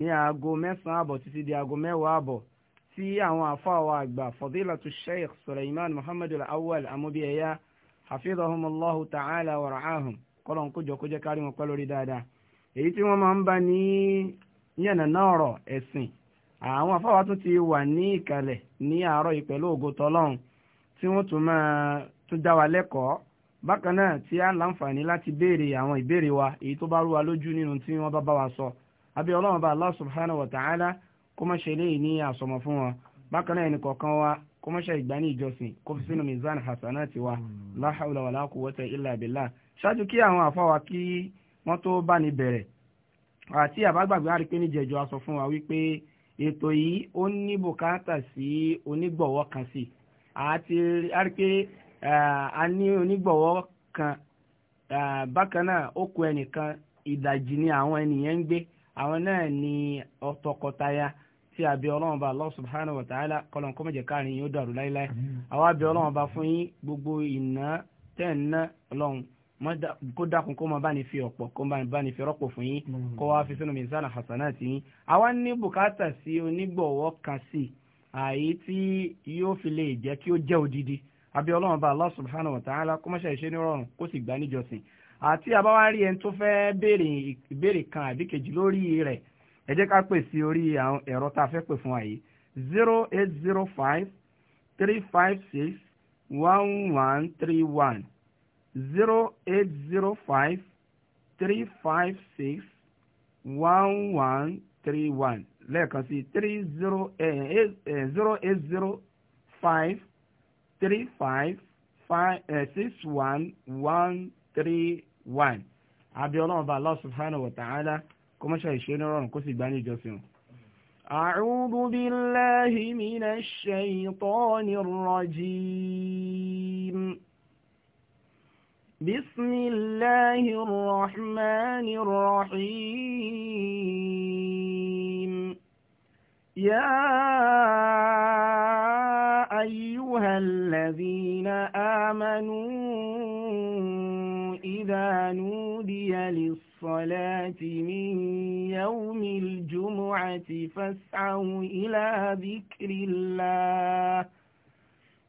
ní aago mẹ́sàn-án àbọ̀ títí di aago mẹ́wàá àbọ̀ tí àwọn àfáàwọ̀ àgbà fadilatu sheikh suleiman muhammed al-awwal amúbíyẹyà hafidhahum allahu ta'ala wa ra'ahum kọ́lọ́n kójọ kó jẹ́ kárí wọn pẹ́ lórí dáadáa èyí tí wọ́n máa ń bá ní yànnà náà rọ̀ ẹ̀sìn àwọn àfáàwọ̀ ti wà ní ìkàlẹ̀ ní àárọ̀ yìí pẹ̀lú ògo tí a láǹfààní láti béèrè àwọn ìbéèrè wa èyí tó bá rú wa lójú nínú tí sọ Abi ọlọ́run bá Allah subhanahu wa ta'ala kó má ṣe léyìí ní àsọmọ fún wọn bákan náà ẹnì kọ̀ọ̀kan wa kó má ṣe ìgbà ní ìjọsìn kó fi sínú mizan hasanati wa la hawla wala quwwata illa billah ṣáájú kí àwọn àfọwà kí wọ́n tó bá ní bẹ̀rẹ̀ àti àbágbàgbé àrí pé níjẹ̀jọ́ a sọ fún wa wípé ètò yìí ó ní bùkátà sí onígbọ̀wọ́ kan sí àti àrí pé a ní onígbọ̀wọ́ kan bákan náà ó kù ẹnìkan ìdajì ni àwọn ènìyàn ń gbé àwọn náà ni ọ̀tọ̀kọ̀taya tí a bí ọlọ́run bá Allah subhanahu wa ta'ala kọlọ̀ kọ́mọ̀ jẹ́ káàrin yóò dàrú láíláí àwọn àbí ọlọ́run bá fún yín gbogbo ìná tẹ́ ń ná ọlọ́run kó dákun kó máa bá ní fi ọ̀pọ̀ kó máa bá ní fi rọ́pò fún yín kó wá fi sínú mizana hasanati yín àwa ní bùkátà sí onígbọ̀wọ́ kan sí àyè tí yóò fi lè jẹ́ kí ó jẹ́ odidi àbí ọlọ́run bá Allah subhanahu wa ta'ala kọ́mọ̀ṣẹ́ ìṣe nírọ̀rùn kó sì gbà níjọsìn àti àbáwá rí ẹni tó fẹ́ béèrè ìbéèrè kan àbí kejì lórí rẹ̀ ẹ jẹ́ ká pè sí orí àwọn ẹ̀rọ tá a fẹ́ pè fún wa yìí zero eight zero five three five six one one three one zero eight zero five three five six one one three one lẹ́ẹ̀kan sí three zero eight eh, zero eight zero five three five five eh, six one one. three one àbí ọlọ́run bá Allah subhanahu wa ta'ala kó mọ́ṣẹ́ ìṣe nírọ̀rùn kó sì gbá ní ìjọsìn. A'udhu billahi minash shaytanir rajim. Bismillahir rahmanir rahim. Ya ayyuhal ladhina amanu إذا نودي للصلاة من يوم الجمعة فاسعوا إلى ذكر الله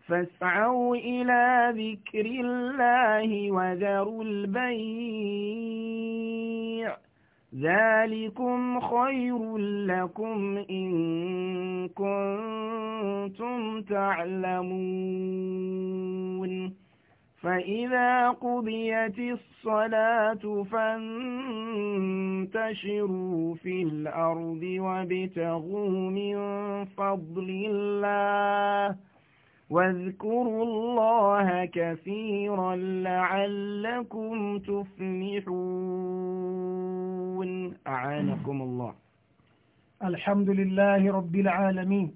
فاسعوا إلى ذكر الله وذروا البيع ذلكم خير لكم إن كنتم تعلمون فإذا قضيت الصلاة فانتشروا في الأرض وابتغوا من فضل الله واذكروا الله كثيرا لعلكم تفلحون أعانكم الله الحمد لله رب العالمين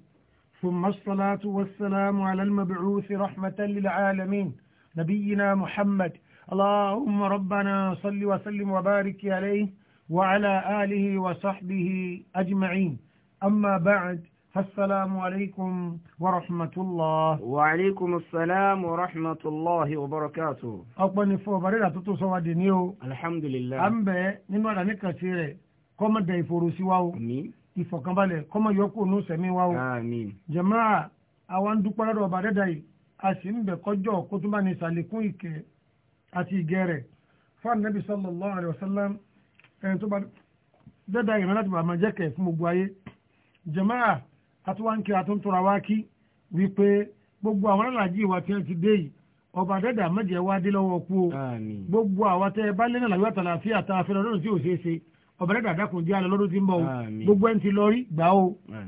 ثم الصلاة والسلام على المبعوث رحمة للعالمين نبينا محمد اللهم ربنا صل وسلم وبارك عليه وعلى آله وصحبه أجمعين أما بعد فالسلام عليكم ورحمة الله وعليكم السلام ورحمة الله وبركاته أقبل نفو بريد أتوتو دينيو الحمد لله أمبا نمو أنا كثير كما داي فروسي واو أمين ìfọ̀kànbalẹ̀ kọ́mọ yọkù ní sẹ̀mí wa o. àmín. jàmáà àwọn dúpẹ́ lọ́dọ̀ ọba dẹ́dà a sì ń bẹ̀ kọjọ́ kó tó bá ní sàlékún ìkẹ́ àti ìgẹ́ rẹ̀ fún ànábì sallallahu alaihi wasallam ẹni tó bá dẹ́dà ìran láti bàmà jẹ́kẹ̀ fún gbogbo ayé jàmáà àtúwáńkì àtúntúra wá kí wípé gbogbo àwọn alájì wa tí wọ́n ti dé yìí ọba dẹ́dà mẹ́jẹ̀ wá dé lọ́wọ́ kú o gbogbo àwọn tẹ́ bá lé náà làwíwá tá a fẹ́ lọ́dún tí ò ṣeé ṣe ọba dẹ́dà dákun jẹ́ alẹ́ lọ́dún tí ń bọ̀ o gbogbo ẹni tí lọ rí gbà o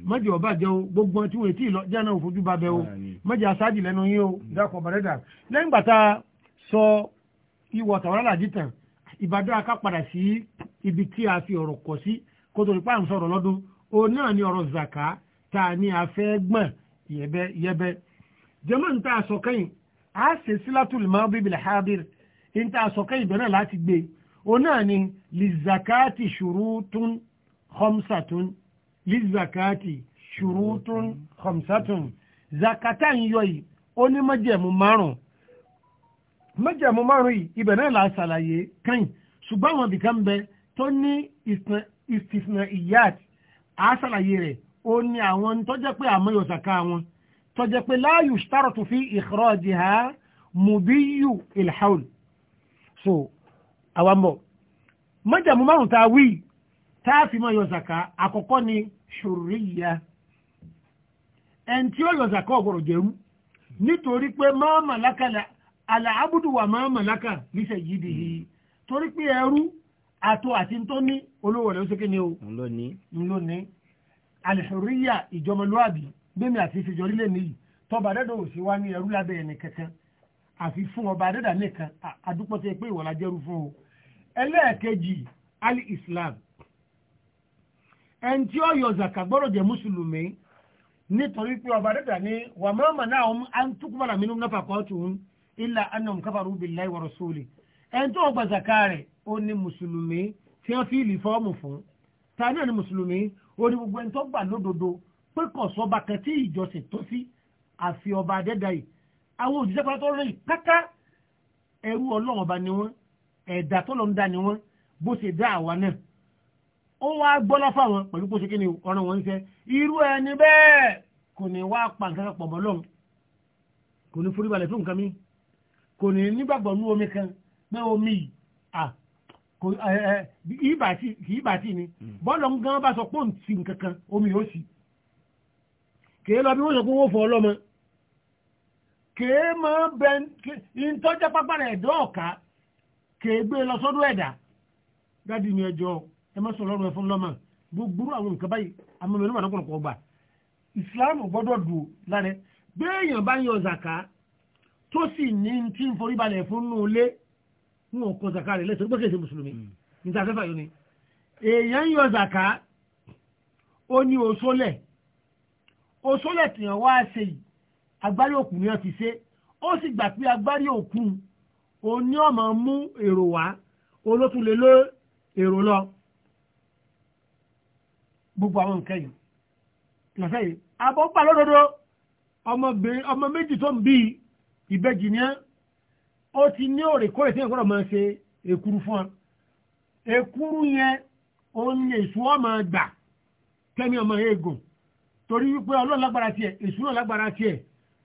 mọ̀jẹ̀ ọba jẹ́ o gbogbo ẹni tí wọ́n ti lọ jẹ́ náà òfojú ba bẹ́ o mọ̀jẹ̀ aṣáájì lẹ́nu yín o dákun ọba dẹ́dà lẹ́yìn ìgbà tá a sọ ìwọ̀ tàwọn aláàjì tàn ìbàdàn aká padà sí ibi tí a fi ọ̀rọ̀ kọ̀ sí kó nípa à sọ̀rọ̀ lọ́dún o náà ni ọ̀rọ̀ zaka tá a ní a sọ kẹ́yìn a ṣe sílátùl máa òun náà ni lizakati ṣurutun khamsatun lizakati ṣurutun khamsatun zakata ń yọ yìí ó ní májẹ̀mú márùn-ún májẹ̀mú márùn-ún yìí ibẹ̀ náà là á ṣàlàyé kẹ́yìn ṣùgbọ́n àwọn ibìkan bẹ tó ní ìsìnà ìyáàt á ṣàlàyé rẹ̀ ó ní àwọn tó pé àmọ́yọ̀ wọn tó pé la yushtaratu fi ikhrajiha mubiyu ilhaul so àwa mọ̀ májàmú márùn tá a wí tá a fi máa yọ zaka àkọ́kọ́ ni ṣòríyà ẹni tí ó yọ zaka ọ̀gbọ̀rọ̀ jẹ̀rú nítorí pé máa màláka àlàábùdù wà máa màláka lísẹ̀ yìí di yìí torí pé ẹrú àtò àti tó ní olówó rẹ̀ ó ṣe kíni o ńlóní alìṣòríyà ìjọmọlúwàbí gbẹmí àti ìfìjọrílẹ̀ nìyí tọba dẹ́dọ̀ ò sí wá ní ẹrú lábẹ́ ẹnì kankan àfi fún ọba dẹ́dà nìkan àdúpọ̀ tẹ pé ìwọ̀n jẹ́rú fún o ẹlẹ́ẹ̀kejì ali islam ẹni tí ó yọ zaka gbọ́dọ̀ jẹ́ mùsùlùmí nítorí pé ọba dẹ́dà ní wà mọ́mọ́ náà wọn á mi nínú náà fàkọ́tù ń ilà annahum kafaru billahi wa rasuli ẹni tó gba zaka rẹ̀ ó ní mùsùlùmí tí wọ́n fi ìlì fọ́ọ̀mù fún ta náà ní mùsùlùmí ó ní gbogbo ẹni tó gbà lódodo pé kò sọ́ba kan tí ìjọsìn tó sí àfi ọba dẹ́dà yìí àwọn òjíṣẹ́ pátá ẹrú ọlọ́run ọba ni wọ́n ẹ̀dá tọ́lọ̀ ń dá ni wọ́n bó ṣe dá àwa náà ó wá gbọ́lá fáwọn pẹ̀lú bó ṣe kí ni ọ̀ràn wọn ń fẹ́ irú ẹni bẹ́ẹ̀ kò ní wá pa nǹkan kan pọ̀ mọ́ lọ́hùn kò ní forí balẹ̀ fún nǹkan mi kò ní nígbàgbọ́ nú omi kan pé omi kì í bà tí ni hmm. bọ́ọ̀lù ń gan bá sọ pé òun ti nǹkan kan omi yóò sì kì í lọ bí wọ́n sọ pé wọ́n fọ ọlọ́mọ kì í mọ bẹ́ẹ̀ ń pápá rẹ̀ dọ́ọ̀ká kèégbé lọ sọ́dọ̀ ẹ̀dá dáàdi mi ẹjọ́ ẹ má sọ lọ́rùn ẹ fún lọ́mọ gbogbo àwọn nǹkan báyìí amúnmọ́ ní wà lọ́pọ̀lọpọ̀ ọgbà Islam gbọ́dọ̀ dùn lára béèyàn bá yan zaka tó sì ní tí ń forí balẹ̀ fún nù lé ń wọ́n kọ zaka rẹ̀ lẹ́sọ̀ gbọ́kẹ́ ṣe mùsùlùmí hmm. níta fẹ́fà yóni èèyàn yan zaka ó ní òṣòlẹ̀ òṣòlẹ̀ tìyàn wá ṣe àgbárí òkú ni wọ́n fi ṣe ó sì gbà pé àgbárí òkú òun ní ọmọ mú èrò wá olótún lè lé èrò lọ gbogbo àwọn nǹkan yìí lọ́sẹ̀ yìí abọ́pà lódodo ọmọ méjì tó ń bí ìbejì ní ó ti ní òrèkóòrè tí ìgbọ́dọ̀ máa ṣe èkúrú fún ọ èkúrú yẹn òun ni èṣù ọmọ gbà kẹ́mi ọmọ eégún torí wípé ọlọ́run lágbára tiẹ̀ èṣù náà lágbára tiẹ̀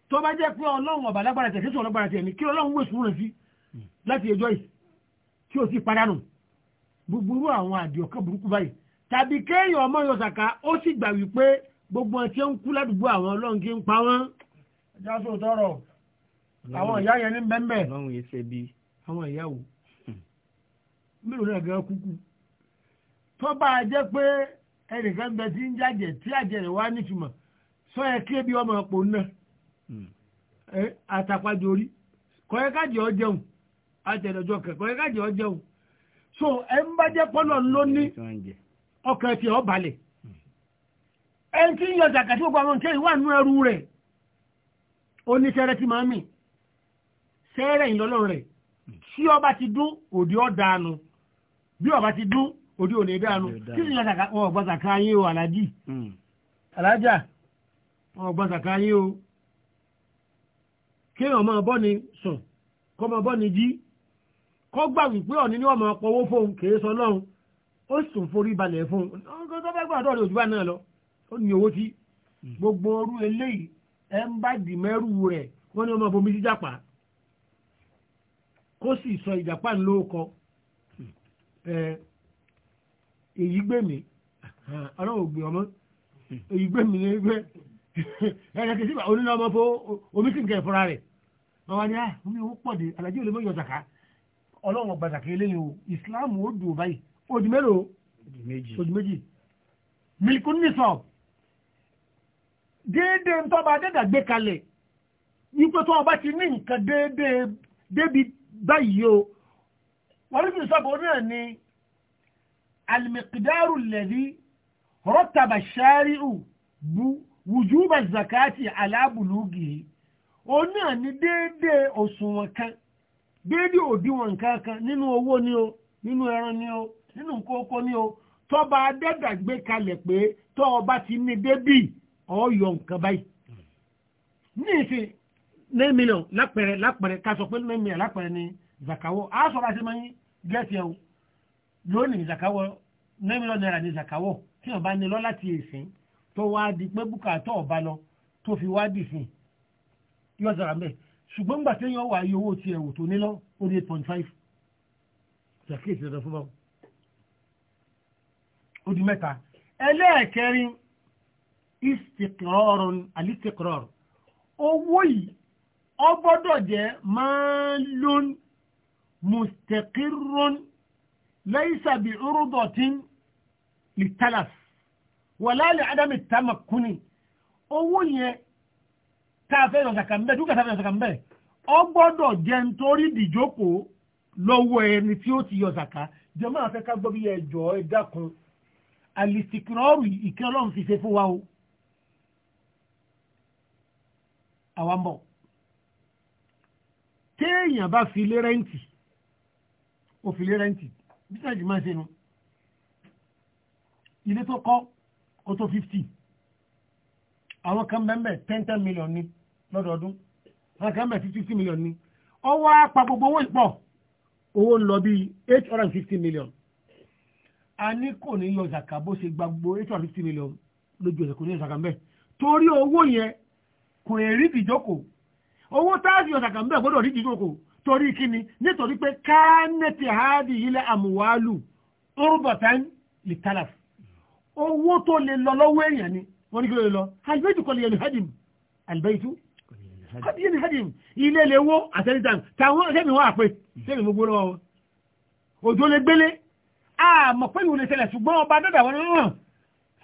tó bá jẹ́ pé ọlọ́run ọ̀bà lágbára tiẹ̀ kí ni kí ọlọ́run wò èṣù rẹ̀ sí láti ẹjọ́ yìí tí ó sì padà nù búburú àwọn àdìọ̀kẹ́ burúkú báyìí tàbí kéèyàn ọmọ yọ sàká ó sì gbà wípé gbogbo ọtí ń kú ládùúgbò àwọn ọlọ́run kí ń pa wọ́n. ẹja sọ tọrọ àwọn ìyá yẹn ní bẹ́ńbẹ́. ọlọ́run yìí ṣe bí. àwọn ìyá wo mélòó náà gẹ́gẹ́ kúkú tó bá a jẹ́ pé ẹnìkan bẹ tí ń jàjẹ́ tí àjẹrẹ̀ wá nítumọ̀ sọ yẹ kí ebi ọmọ ọ̀pọ̀ náà hmm. àtàpàjọ orí kọ́yẹ́kájọ jẹun àtẹ̀dọ̀jọ́ kẹ̀kọ́ ẹ̀ká jẹ́ ọ jẹun so ẹ̀ ń bá jẹ́ pọ́lọ̀ ló ní ọkàn ti ọ balẹ̀ ẹ̀ ń tí ń yọ jàkàtí gbogbo àwọn nǹkan ìwà nú ẹrú rẹ̀ oníṣẹ́rẹ́ ti máa ń mì sẹ́rẹ̀ ìlọ́lọ́ rẹ̀ tí ọba ti dún òdi ọ̀dàánu bí ọba ti dún òdi òní dàánu tí ń yọ ọ̀gbọ́sàkà yín o alájì hmm. alájà ọ̀gbọ́sàkà yín o kéèyàn máa bọ́ ni sùn kọ́ máa bọ́ ni jí kọ́ gbà wípé ọ̀ní ní ọmọ ọpọwó fóun kèé sọ lọ́hùn ó sùn forí balẹ̀ fún un tó bá gbàdọ̀ rẹ̀ òjúbà náà lọ ó ní gbogbo orú eléyìí ẹ ń bá dì rẹ̀ wọ́n ní ọmọ bomi kó sì sọ ìjàpá èyí gbé mi ọlọ́run gbé ọmọ èyí gbé mi ní gbé ẹ̀rẹ́ kìí sí fún omi ọlọ́run gbàdàkì eléyìí o islam ó dùn báyìí odi mélòó odi méjì milikun nisọ déédé ntọ́ba adẹ́dà gbé kalẹ̀ wípé tó ọba ti ní nǹkan déédé débi báyìí o wọ́n ní sọ́bù náà ni alimikidaru lẹ́dí rọ́tàbà ṣáríù bu wùjúbà zakati alábùlùgì òun náà ni déédé òṣùwọ̀n kan déédéé òdiwọ̀n nǹkan kan nínú owó ni o nínú ẹran ni o nínú kókó ni o tọ́ba adẹ́dà gbé kalẹ̀ pé tọ́ ọba ti ní débì ọ̀ọ́yọ̀ nǹkan báyìí. ní ìsìn nine million lápẹ̀rẹ̀ lápẹ̀rẹ̀ ká sọ pé nine million lápẹ̀rẹ̀ ni zakawọ́ a sọ̀rọ̀ àti mọ́yìn gẹ́ẹ̀tì ẹ̀hún lónìí zakawọ́ nine million naira ni zakawọ́ tí ọba ní lọ láti ìsìn tó wá di pé bùkà tó ọba lọ tó fi wá dì sí yọ̀ọ́ sọ̀rọ̀ mẹ́ẹ̀ ṣùgbọ́n gbà téèyàn wà iye owó ti ẹ̀wò tó nílọ ó ní eight point five ṣàkíyèsí dandan fún báwọn ó di mẹ́ta ẹlẹ́ẹ̀kẹrin istikrọ́rùn alistikrọ́r owó yìí ó gbọ́dọ̀ jẹ́ maalun mustaqirrun laysa bi urdatin litalaf wala li adami tamakuni owó yẹn káfẹ́ lọ sàkà mbẹ́ dúkà sáfẹ́ lọ sàkà mbẹ́ ọ gbọ́dọ̀ jẹ́ nítorí ìdìjókòó lọ́wọ́ ẹni tí ó ti yọ sàkà jẹ́mọ́ àfẹ́ ká gbọ́ bí ẹjọ́ ẹ dákun àlìsìkìrọ́ọ̀rù ìkẹ́ ọlọ́run ti ṣe fún wa o àwa ń bọ̀ téèyàn bá fi lé rẹ́ǹtì ó fi lé rẹ́ǹtì bí sáà jù máa ṣe nu ilé tó kọ́ ó tó fifty àwọn kan bẹ́ẹ̀ bẹ́ẹ̀ ten ten ni lọ́dọọdún láti ẹ̀mẹ́ sí fifty million ni ọwọ́ apá gbogbo owó ìpọ̀ owó ń lọ bí eight hundred fifty million a ní kò ní yọ zaka bó ṣe gba gbogbo eight hundred fifty million lójú ẹ̀sẹ̀ kò ní yọ zaka mbẹ́ torí owó yẹn kò lè rí ìdíjókò owó táàbì yọ zaka mbẹ́ gbọ́dọ̀ rí ìdíjókò torí kíni nítorí pé kánẹ́tì háàdì ilẹ̀ àmúwálù ọ̀rùbọ̀tán lè tálàf owó tó lè lọ lọ́wọ́ èèyàn ni wọ́n ní kí ló lè lọ àlùbẹ́jù kọ́ lè yẹ lè hẹ́dìm àlùbẹ́jù hadiyin hadiyin ilé lewó àtẹnitàn táwọn sẹ́mi wọ́n àpè sẹ́mi gbogbo lọ́wọ́ òjò lè gbélé àmọ́ pé ìwòlè ṣẹlẹ̀ ṣùgbọ́n ọba dọ́dà wọn náà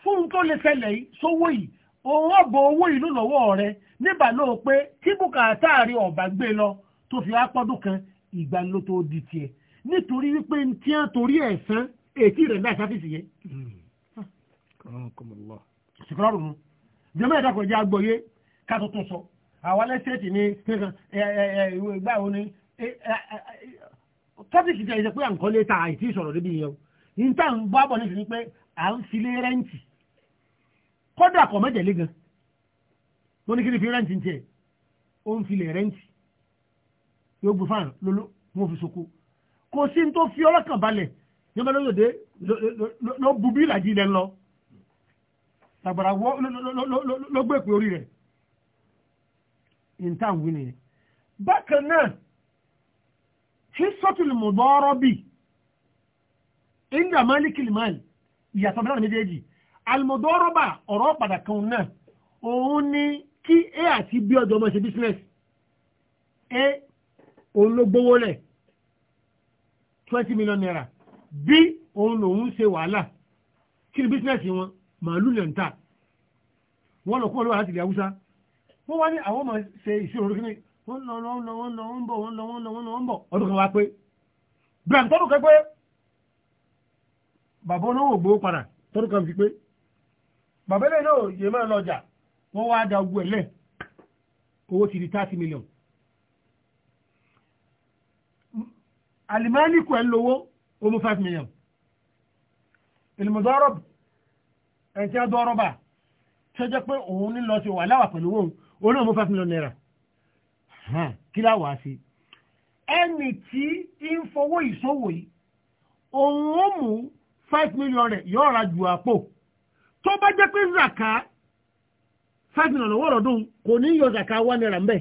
fún tó lè ṣẹlẹ̀ yìí sówó yìí òun ọ̀bọ̀ owó ìlú lọ́wọ́ rẹ nígbà ló pé tí bùkátà rí ọ̀bà gbé lọ tó fi apọ́dún kan ìgbà ló tó di tiẹ̀ nítorí wípé tí wọ́n torí ẹ̀sán ètí rẹ̀ náà sáfìsì yẹn. ṣùgbọ́n ọ̀rùn jẹ́mọ́ ẹ̀dá kọjá gbọ́yé ká tó tó sọ àwọn ẹlẹ́sẹ̀tì ni gbáwo ni tọ́pìkì tẹ̀ ṣe pé à ń kọ́lé ta àìsí ìsọ̀rọ̀ débi yẹn o ní tá à ń bọ́ àbọ̀ nítorí pé à ń filé rẹ́ǹtì kọ́dà kọ̀ mẹ́jẹ̀ lé gan mo ní kí ni fi rẹ́ǹtì ń tiẹ̀ ó ń filé rẹ́ǹtì yóò gbé fáàn lóló wọn fi soko kò sí ní tó fi ọlọ́kàn balẹ̀ ní ọmọ lóyò dé ló bu bí ìlàjì ilẹ̀ lọ tàgbàrà wọ́ ló gbé ìpè orí rẹ̀ ìntàwí nìyẹn bákan náà hisatul mudarabi inda malik limali ìyàtọ̀ mẹ́ta méjèèjì almudoraba ọ̀rọ̀ padà kan náà òun ni kí a àti b ọjọ́ ọmọ ṣe business a òun ló gbówó lẹ̀ twenty million naira b òun lòun ṣe wàhálà kí ni business wọn màálù lẹ̀ ń ta wọn lọ kó olówó láti ilẹ̀ haúsá wọ́n wá ní àwọn ọmọ ṣe ìṣirò orí kí ni wọ́n lọ wọ́n lọ wọ́n lọ wọ́n bọ̀ wọ́n lọ wọ́n lọ wọ́n lọ wọ́n bọ̀ ọdún kan wá pé bram tọ́dún kan pé bàbá olówó gbowó padà tọ́dún kan fi pé bàbá ilé náà yé máa lọ wọ́n wá da ogun ẹ̀lẹ́ owó ti di thirty million alimani kò ẹ̀ lówó ó five million ìlùmọ̀dọ́rọ̀ ẹ̀ tí a dọ́rọ̀ bá ṣe jẹ́ pé òun ní lọ sí wàhálà wà pẹ̀lú òun òun náà five million naira kí láwàá sí ẹni tí ń fowó ìṣòwò yìí òun ó mú five million rẹ̀ yóò ra ju àpò tó bá jẹ́ pé zaka five million owó ọ̀rọ̀dún kò ní yọ zaka one naira mbẹ́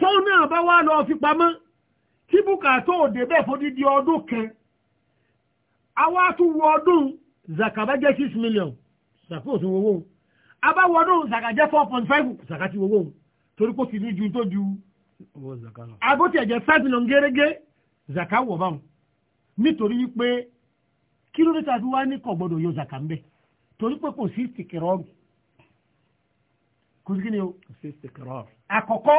tó náà bá wá lọ fi pamọ́ kí bùkátà òde bẹ́ẹ̀ fòdìdí ọdún kan àwa tún ọdún zaka bá jẹ́ six million zaka ò tún wọ́wọ́ abáwọdún zàkàjẹ́ four point five zàkàtì owó torí kò sì ní ju tó ju agbótiẹ̀jẹ̀ five million gẹ́gẹ́ zàkà wọ̀ báwọn nítorí wípé kí ló dé tàbí wá ní kò gbọdọ̀ yọ zàkà ń bẹ̀ torí pé kò sí ìsìkìrọ̀rù kò sí kí ni o kò sí ìsìkìrọ̀rù àkọ́kọ́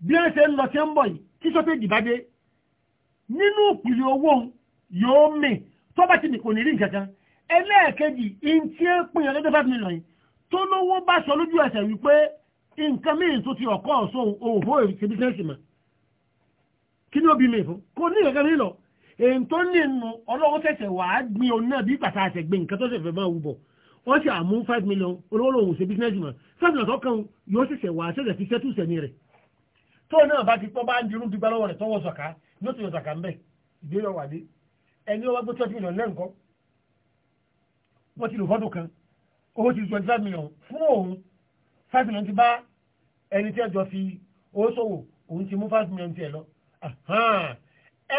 bí ẹ ṣe ń lọ sí ń bọ̀ yìí kí sọ́pẹ́ ìdìbàdé nínú ìpìlẹ̀ owó yóò mì tó ti nìkò ní rí nǹkan ẹlẹ́ẹ̀kejì ìntí ẹ̀ pín ọ̀gẹ́gẹ́ tó lówó bá sọ lójú ẹsẹ̀ wípé nǹkan míì tó ti ọ̀kọ́ ọ̀sọ́ òhò èrìkè bísẹ́ǹsì mọ̀ kí ni ó bí mi fún kò ní ìrẹ́kẹ́ nílọ èyí tó ní inú ọlọ́wọ́ tẹ̀sẹ̀ wà á gbin òun náà bí pàtà àṣẹ gbin nǹkan tó ṣẹ̀fẹ̀ máa wù bọ̀ wọ́n ṣe àmú five million olówó lòun ṣe bísẹ́ǹsì mọ̀ five million tó kàn yóò ṣẹ̀ṣẹ̀ wà á ṣẹ̀ṣẹ̀ fi ṣẹ́tù sẹ́ni rẹ̀ tó náà bá ti pọ́ bá ń dirú dùgbà lọ́wọ́ rẹ̀ tọ́wọ́ sọ̀ká yóò ti yọ sàkà ń bẹ̀ ìbéèrè wà dé ẹni wọ́n ti lò fọ́dún kan owó ti twenty five million fún òun five million ti bá ẹni tí ẹjọ́ fi owó ṣòwò òun ti mú five million tiẹ̀ lọ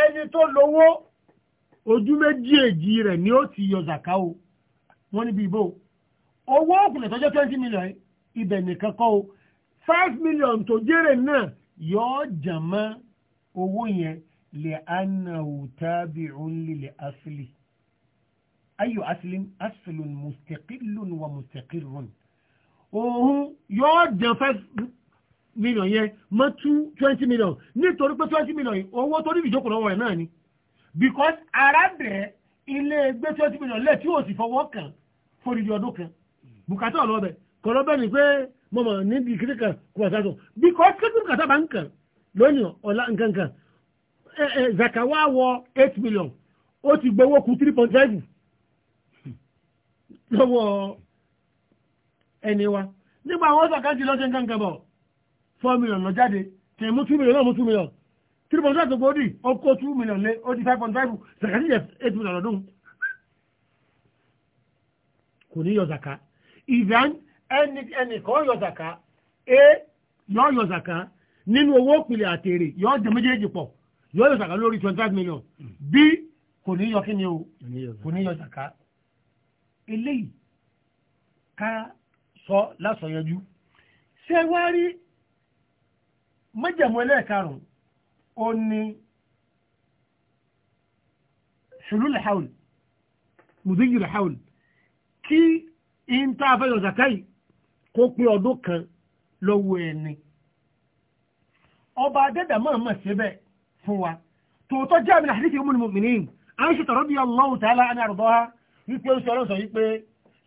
ẹni tó lówó ojú méjì èjì rẹ̀ ni ó ti yọ zàká o wọ́n níbi ìbò owó òkùnlẹ̀ tọ́jọ́ twenty million ibẹ̀ nìkan kọ́ o five million tó jèrè náà yóò jàn mọ́ owó yẹn lè ànà òtábìrún lílẹ̀ asili ayu asilin asilun mustaqilun wa mustaqirun òun yóò jẹ five million yẹn mọ two twenty million nítorí pé twenty million owó tó níbi ìjókòó lọ́wọ́ rẹ̀ náà ni because arábẹ̀ ilé gbé twenty million lẹ̀ tí o sì fọwọ́ kàn fòdìdì ọdún kan bùkátà ọlọ́bẹ̀ kọlọ́bẹ̀ ni pé mo mọ̀ níbi ìkíní kan kò wà sásọ because kí bùkátà bá ń kàn lónìí ọ̀la nǹkan kan zaka wá wọ eight million ó ti gbowó kù three point five lọ́wọ́ ẹni wa nígbà àwọn sàkáàtì lọ́sẹ̀ nǹkan bọ̀ four million lọ jáde tẹ̀ mú two million náà mú two million three point five gbòódì ó kó two million lé ó di five point five sàkáàtì yẹ eight million lọ́dún kò ní yọ zaka ìdán ẹni ẹni kan yọ zaka e yọ yọ zaka nínú owó òpìlẹ̀ àtèrè yọ jẹ méjèèjì pọ̀ yọ yọ zaka lórí twenty five million b kò ní yọ kí ni o kò ní yọ zaka eléyìí ká sọ lásọ̀yẹjú ṣe wá rí mọ́jẹ̀mú ẹlẹ́ẹ̀karùn-ún ó ní ṣùlùlù haul mùsùlùmù haul kí in tá a fẹ́ yọ zakai kó pé ọdún kan lọ́wọ́ ẹni ọba adẹ́dà máa mọ̀ síbẹ̀ fún wa tòótọ́ jẹ́ àmì àṣírí kí mú ni mùmìnì Aisha radiyallahu ta'ala anha àrùbọ́ wípé ó sọ̀rọ̀ sọ wípé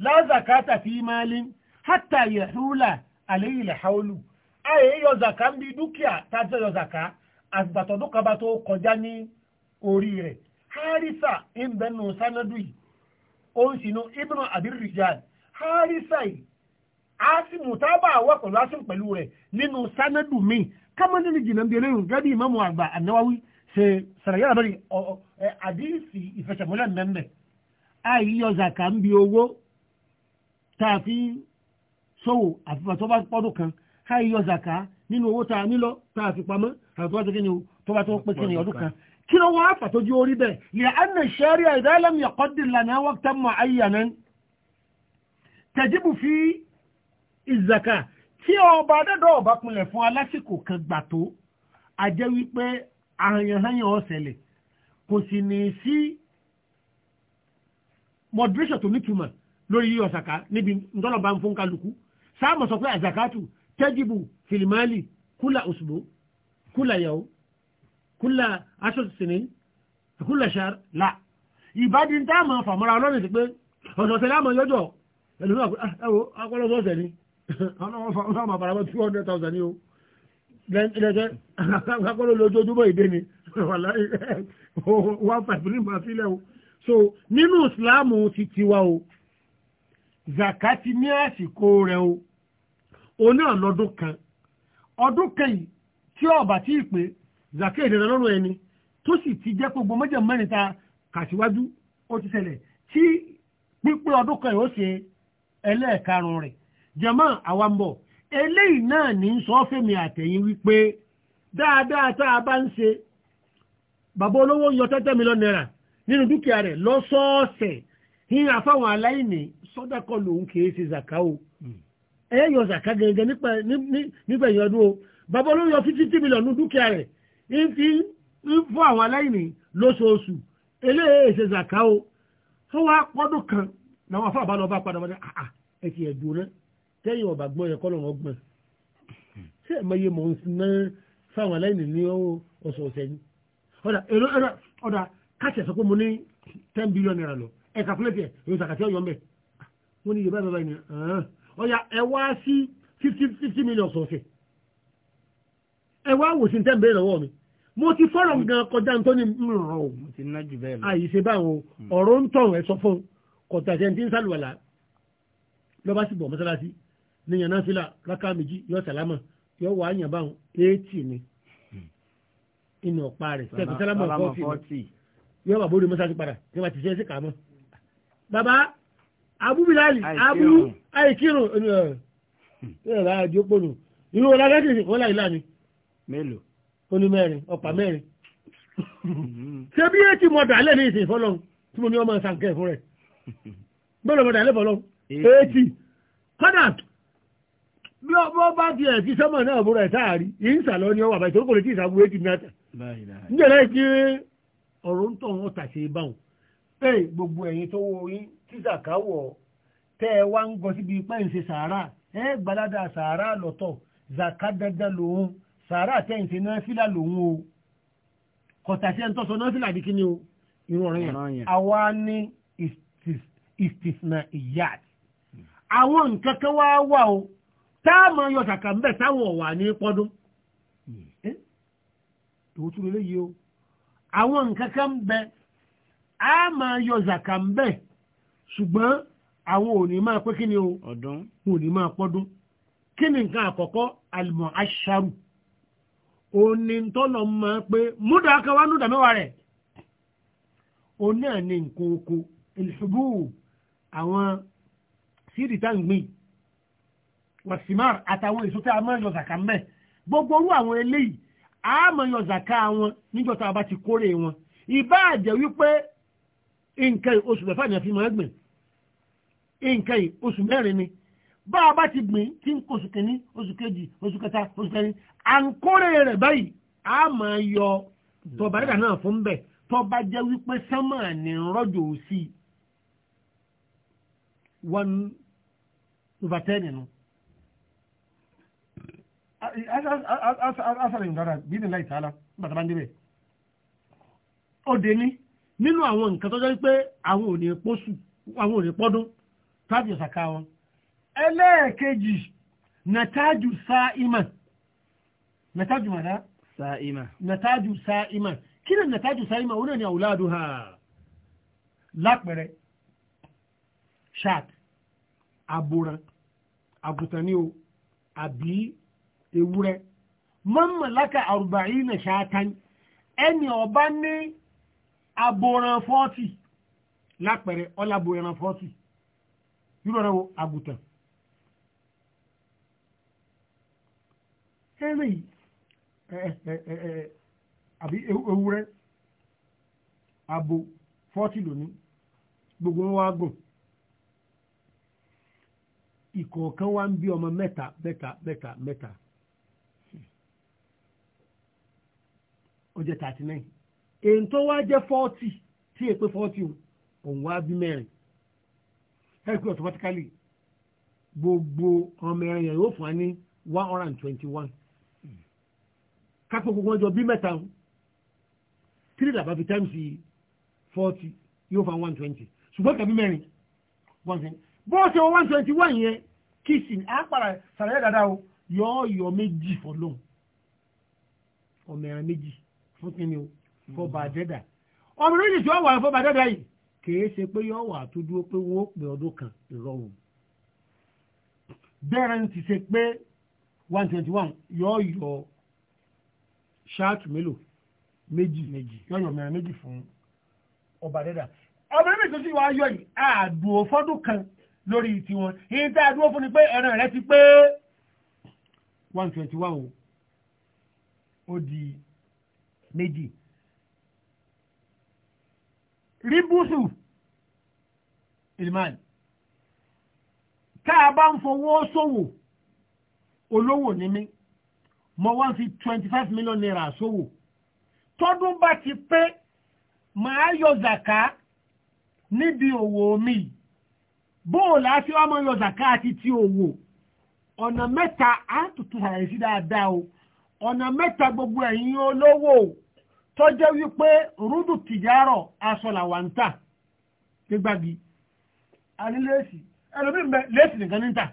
láàzàkátà fi máa lé hátà yẹ̀húlà àléyìn ilẹ̀ haolu ayé yọ zàká ń bi dúkìá tàbí yọ zàká àgbàtọ̀dún tó kọjá ní orí rẹ̀ harisa ń bẹnu sanadu yìí ó ń sinú ibnu abirijal harisa yìí asimu tábà wà pẹ̀lú asimu pẹ̀lú rẹ̀ nínú sanadu mi kámánì ní jìnnà bíi eléyìí gẹ́gẹ́ bí ìmáàmù àgbà ànáwáwí ṣe sàrẹ̀yà lórí àdìsí ìfẹsẹ̀múlẹ̀ mẹ́mbẹ̀ẹ́. àìyọ zàkà ń bi owó tá a fi sòwò àfihàn tó bá pọ́dún kan àìyọ zàkà nínú owó tá a nílọ tá a fi pamọ́ àti tó bá tó ni tó bá tó ọdún kan kí ló wọ́n àfà tó di orí bẹ́ẹ̀ lè ànà ṣẹ́rí àìdáìlẹ́mì ọ̀kọ́dìlànà wọ́pẹ́ mọ̀ ayíyànà fi ìzàkà tí ọba ọba fún alásìkò kan gbà tó a wípé moderation tó nítumọ̀ lórí yíyọ sàká níbi ntọ́lọ̀bá ń fún kálukú sáàmù sọ pé àzàkátù tẹ́jìbù fìlìmáàlì kúlà òṣùbò kúlà yàwó kúlà aṣọ́sìnì kúlà ṣar la, ìbádí ń táàmù fàmọ́ra ọlọ́run sí pé ọ̀sọ̀ọ̀sẹ̀ láàmú yọjọ́ ẹlòmíràn ah, ẹwọ akọlọ́sọ̀ọ̀sẹ̀ ni ọlọ́run fàmọ́ àbàràbọ̀ two hundred thousand ni o lẹ́jẹ́ akọlọ́ lójoojúmọ́ ìdé ni wàláyé one five ní màá sílẹ̀ o. so nínú ìsìláàmù ti tiwa o zakati ní àsìkò rẹ o òun náà lọ́dún kan ọdún kẹyìn tí ọba tí ì pé zakati ìdènà lọ́rùn ẹni tó sì ti jẹ́ gbogbo meje mẹ́rin ta kàṣíwájú ó ti ṣẹlẹ̀ tí pípé ọdún kan yìí ó ṣe ẹlẹ́ẹ̀karùn-ún rẹ̀ jẹ́mọ́ àwa ń bọ̀ eléyìí náà ní sọ fẹ́mi àtẹ̀yìn wípé dáadáa tá a bá ń ṣe bàbá olówó yọ tẹ́tẹ́ mílíọ̀nù náírà nínú dúkìá rẹ̀ lọ́sọ̀ọ̀sẹ̀ hín àfáwọn aláìní sọ́dọ̀kọ́ lòun kìí ṣe zàká o hmm. ẹ yọ zàká gẹ́gẹ́ nígbẹ̀yìn ọdún o bàbá olóyún yọ fifty mílíọ̀nù dúkìá rẹ̀ ń fi ń fún àwọn aláìní lóṣooṣù eléyìí ṣe zàká o fún wa pọ́dún kan làwọn afọ àbálọ bá padà wọlé àà ẹ ti ẹ̀dùn rẹ tẹ́yìn ọ̀bà gbọ́n yẹn kọ́ lọ́wọ́ gbọ́n ṣé ẹ̀ mọye mò ń ná fáwọn aláìní ní ọ̀sọ̀ọ̀sẹ̀ ni ọ̀dà káṣẹ̀ sọ pé mo ní ten billion naira lọ ẹ̀ kàkúlẹ̀tì ẹ̀ èyí sàkàtì ọ̀yọ́ mbẹ̀ wọ́n ní yorùbá bàbá yìí ọ̀yà ẹ̀ wá sí fifty fifty million sọ̀ọ̀sẹ̀ ẹ̀ wá wò sí ten billion lọ́wọ́ mi mo ti fọ́rọ̀ gan kọjá tó ní hmm, rọ̀ o àyíṣe báwo hmm. ọ̀rọ̀ ń tọ̀rọ̀ ẹ̀ sọ fún kọ̀tà jẹ́ ti ń sálùwàlà lọ́ba sì bọ̀ mọ́sálásí ní yànnà fílà rákà méjì yọ sàlámà yọ wà á yàn báwọn éètì ni hmm. inú ọ̀pá rẹ̀ sẹ́kù sàlámà fọ́ọ̀tì yọ́ bàbá olùmọ́ sáti padà ní wà ti ṣe é sí kàmọ́ bàbá abúbilali abú àìkírùn ẹ̀rọ bá di òpónù irú ọlá lẹ́sìn ìsìnkú ọlá ìlà ni mélòó ó ní mẹ́rin ọ̀pá mẹ́rin mm-hmm. ṣé bí etí mọ̀dà alẹ́ ní ìsìn ìfọ́lọ́ tí mo ní ọmọ sànkẹ́ fún rẹ̀ bọ́ọ̀lù mọ̀dà alẹ́ fọ́lọ́ etí kọ́dà bí ọ bá ti ẹ̀sí sọ́mọ̀ náà búra ẹ̀ sáà rí ìyínsà lọ ni ọ wà báyìí torí kò lè ti ìsàgbó etí náà tẹ̀ ọ̀rọ̀ ń tọ̀ wọn tàṣe báwọn. pé gbogbo ẹ̀yin tó wo yín tíṣà káwọ̀ tẹ́ ẹ wá ń gọ síbi pẹ́ǹsì sàárà ẹ gbalada sàárà lọ́tọ̀ zaka dandan lòun sàárà tẹ́ǹsì náà fílà lòun o kọ̀tàṣẹ́ ń tọ́sọ náà fílà bí kíni o irú ọ̀rọ̀ yẹn àwa ní istisna iyat àwọn nǹkan kan wá wà o táàmù ọyọ sàkà ń bẹ̀ táwọn ọ̀wà ní pọ́dún. Hmm. èwo tún lè léyìí o àwọn nǹkan kan bẹ a máa yọ zàkà ń bẹ ṣùgbọ́n àwọn ò ní máa pé kí ni o ọdún ò ní máa pọ́dún kí ni nǹkan àkọ́kọ́ àlùmọ̀ aṣáru òní tọ́lọ̀ máa pé múdà kan wá núdà mẹ́wàá rẹ̀ òun náà ni nǹkan oko ìṣubú àwọn síìdì tá ń gbìn wàsímà àtàwọn èso tí a máa yọ zàkà ń bẹ gbogbo orú àwọn eléyìí àmọ̀yàn zàká wọn níjọta bá ti kórè wọn ìbá àjẹ́ wípé nǹkan oṣù mẹ́fà ní àfihàn ẹgbìn nǹkan oṣù mẹ́rin ni bá a bá ti gbìn tí ń oṣù kìíní oṣù kejì oṣù kẹta oṣù kẹrin à ń kórè rẹ̀ báyìí àmọ̀yọ tọba dídà náà fún bẹ́ẹ̀ tọba jẹ́ wípé sánmà ní rọ́jò sí one over ten nù. No? asàlẹ̀ ìdára bíi nílá ìtàlá bàtà bá ń débẹ̀ òde ní nínú àwọn nǹkan tó jẹ́ pé àwọn ò ní pọ́sù àwọn ò ní pọ́dún tàbí ọ̀sàká wọn ẹlẹ́ẹ̀kejì nàtàjù sáìmà nàtàjù màdá sáìmà nàtàjù sáìmà kí ni nàtàjù sáìmà ó náà ni àwùládù ha lápẹẹrẹ shark àbòrán àgùntàn ni o àbí ewúrẹ́ mọ́mọ̀láka àrùbáyínà ṣáátán ẹni ọba ní aboran fọ́tì lápẹẹrẹ ọlábo ẹran fọ́tì yúrọ̀ wo àgùtàn ẹ̀rẹ́ yìí àbí ewúrẹ́ abo fọ́tì lónìí gbogbo wọn wá gùn ìkọ̀ọ̀kan wá ń bí ọmọ mẹ́ta mẹ́ta mẹ́ta. mẹ́ta ó jẹ́ thirty nine èyí tó wá jẹ́ forty tí èpè forty o òun wá bí mẹ́rin ẹ̀rí automatically gbogbo ọmọ ẹ̀rìn yẹn yóò fún wa ní one hundred and twenty one kápẹ́ gbogbo ọjọ́ bí mẹ́ta o three dàbà fi times forty yóò fún wa one twenty ṣùgbọ́n kàbí mẹ́rin one twenty bó ṣe one twenty one yẹn kìsì àpàrà sàlàyé dáadáa o yọ ọ yọ méjì fọlọ́n ọmọ ẹ̀rìn méjì fún o fọba àdẹ́dà ọmọ méjì tí wà fọba àdẹ́dà yìí kìí ṣe pé yọ wà tó dúró pé wọ́n pè ọdún kan ìrọ̀rùn bẹ́ẹ̀rẹ̀ ń ti ṣe pé one twenty one yọ yọ ṣáàtù mélòó méjì méjì yọ yọ mẹ́rin méjì fún ọba àdẹ́dà ọmọ méjì tó sì wá yọ yìí àdùn fọ́dún kan lórí tiwọn èyí tá a dúró fún ni pé ẹran rẹ ti pé one twenty one o di méjì ríbùsù ilman tá a bá ń fowó ṣòwò olówó ni mi mo wá ń fi twenty five million naira ṣòwò tọdún bá ti pé màá yọ zaka níbi òwò mi bóòlù àti ọmọ yọ zaka àti ti òwò ọ̀nà mẹ́ta á tutù àyè sí dáadáa o ọ̀nà mẹ́ta gbogbo ẹ̀yin olówó o. tọ́jẹ́ wípé rúdù tìjárọ̀ asọ̀làwàntà gbégbági anílẹ́sì ẹlòmíǹbẹ lẹ́sì nìkan níta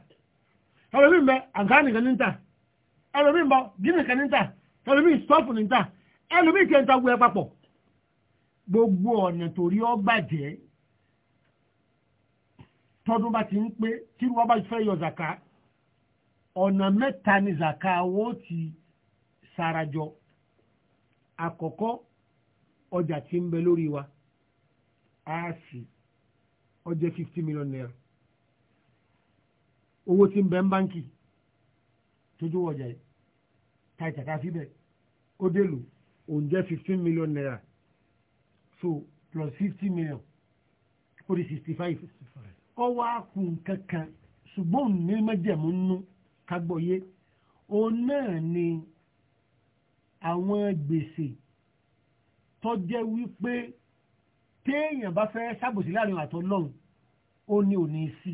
ẹlòmíǹbẹ àǹkà nìkan níta ẹlòmíǹbọ gíní nìkan níta ẹlòmíǹ stọ́ọ̀fù níta ẹlòmíǹ ẹ papọ̀ gbogbo ọ̀nà torí ọ bàjẹ́ tọdún bá ti ń pé tí wọ́n bá fẹ́ yọ zàká ọ̀nà mẹ́ta ni zaka wọ́n ti sarajọ. àkọ́kọ́ ọjà tí ń bẹ lórí wa aasi ó fifty million naira owó tí ń bẹ ń báńkì tójú ọjà yìí ta ìtàkà síbẹ̀ ó délù òun fifteen million naira so plus fifty million ó di sixty five ó wá kù nǹkan kan ṣùgbọ́n ní mẹ́jẹ̀mú nú kágbọ́yé òun náà ni àwọn gbèsè tó jẹ́ wípé téèyàn bá fẹ́ ṣàbòsí láàrin àtọ́ lọ́hùn ó ní òní sí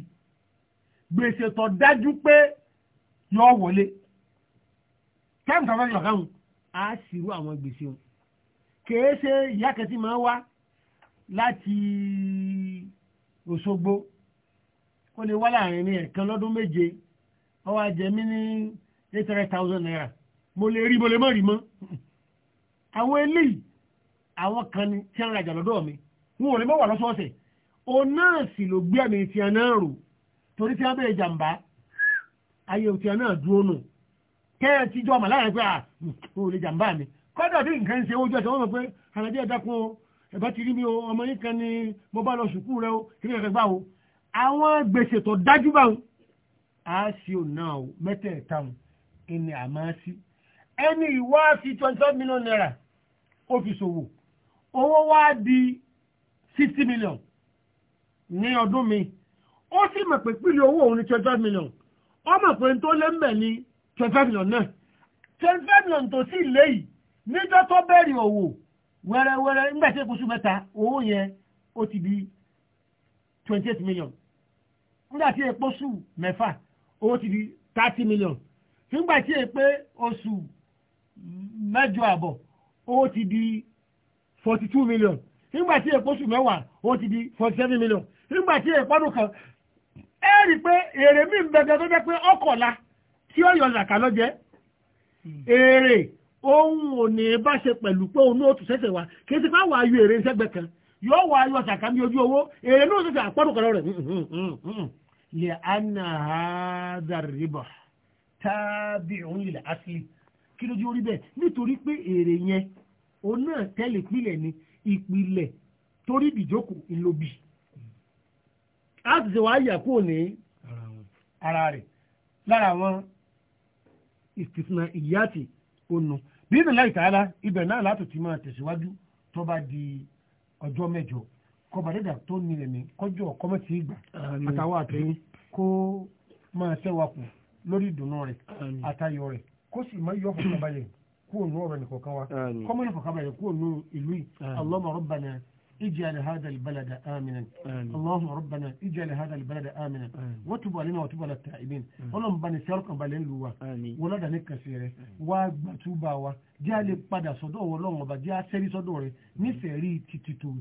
gbèsè tó dájú pé yọ wọlé kẹ́mù tó fẹ́ yọ̀ káwọn á sì rú àwọn gbèsè wọn kèé ṣe ìyá kẹtì máa wá láti Òṣogbo ó lè wá láàrin ní ẹ̀kan lọ́dún méje ó wá jẹ mí ní eight hundred thousand naira mo lè rí mo lè mọ́ rí mọ́ àwọn eléyìí àwọn kan ni tí a ń rajà lọ́dọ̀ mi wọn ò lè mọ́ wà lọ́sọ̀ọ̀sẹ̀ o náà sì ló gbé àmì ìtìyà náà rò torí tí a bẹ̀rẹ̀ jàǹbá ayé ìtìyà náà dúró nù kẹ́ ẹ ti jọ ọmọ láàrin pé o lè jàǹbá mi kọ́dà bí nǹkan ń ṣe ojú ẹ̀sẹ̀ wọ́n mọ̀ pé àlàjì ẹ̀dá kan ẹ̀bá ti rí mi o ọmọ yín kan ni mo bá lọ sùkúù rẹ o kí ni kẹ̀kẹ́ o àwọn gbèsè tó dájú báwọn a ṣe ò náà o mẹ́tẹ̀ẹ̀ta o ìní àmọ́ sí ẹni ìwá fi twenty five million naira ó fi ṣòwò owó wá di sixty million ní ọdún mi ó sì mọ̀ pé pílẹ̀ owó òun ní twenty five million ó mọ̀ pé tó lé mẹ́ ní twenty five million náà twenty five million tó sì léyìí níjọ́ tó bẹ̀rẹ̀ òwò wẹ́rẹ́wẹ́rẹ́ nígbà tí oṣù mẹ́ta owó yẹn ó ti di twenty eight million nígbà tí epo oṣù mẹ́fà owó ti di thirty million nígbà tí èpè oṣù mẹ́jọ àbọ̀ ó ti di forty two million nígbà tí èpo oṣù mẹ́wàá ó ti di forty seven million nígbà tí èpo ọdún kan ẹ rí i pé èrè mi ń bẹ̀gẹ̀ tó jẹ́ pé ọkọ̀la tí ó yọ zàkà lọ́jẹ́ èrè ohun ò bá ṣe pẹ̀lú pé òun ó tún ṣẹ̀ṣẹ̀ wá kì í ti máa wà á yọ èrè kan yóò wà á yọ ní ojú owó èrè náà ṣẹ̀ṣẹ̀ àpọ́dún kan rẹ̀ lè anna hadha ribah tábìrún lè asli kí ló di orí bẹ́ẹ̀ nítorí pé èrè yẹn òun náà tẹ́lẹ̀ pílẹ̀ ni ìpìlẹ̀ torí ìdìjókòó ìlòbì a ti ṣe wàá yà kúrò ní ara rẹ̀ lára àwọn ìsìnkú ìyáàtì ònà bí ìdílé ìtàlá ibẹ̀ náà látò tí máa tẹ̀síwájú tó bá di ọjọ́ mẹ́jọ kọbàdẹ́dà tó nílẹ̀ ní kọjọ́ kọ́mẹ́tì ìgbà àtàwọn àtẹ̀yìn kó máa ṣẹ́wàpọ̀ lórí ìdùnnú rẹ̀ àtayọ̀ rẹ̀ kó sì má yọ fọkànbalẹ̀ kúrò ní ọ̀rọ̀ nìkọ̀ọ̀kan wa kọ́mọ́ yọ fọkànbalẹ̀ kúrò ní ìlú yìí Allahumma rabbana اجعل هذا البلد آمنا اللهم ربنا اجعل هذا البلد آمنا وتب علينا وتب على التائبين اللهم بني سيارك بلين لوا ولد نكسيره واغبتوبا wa jale padà sọ́dọ̀ Ọlọ́run Ọba jẹ́ aseri sọ́dọ̀ rẹ̀ ní seri titito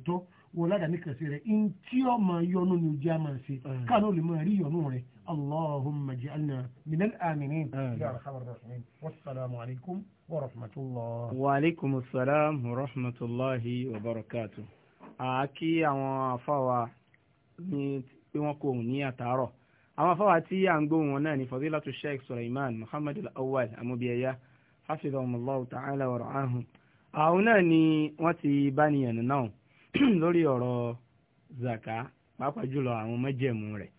wọ́n ládàá ní kẹsì rẹ̀ in tí ó máa yọnu ni ojú á máa ṣe káàánú lè máa rí yọnu rẹ̀ allahumma ja'alna minal aminin ya arhamar rahimin wassalamu alaikum wa rahmatullah. wa alaikum salam wa rahmatulahi wa barakatu. a kí àwọn afáwa ní pé wọ́n kò ní àtàárọ̀ àwọn afáwa tí à ń gbóhùn wọn náà ní fadilatu sheikh suleiman muhammad al-awwal amubiyaya ta'ala wa ra'ahum àwọn náà ni wọ́n ti bá ní yànnà náà lórí ọ̀rọ̀ zaka pàápàá jùlọ àwọn mẹ́jẹ̀mú rẹ̀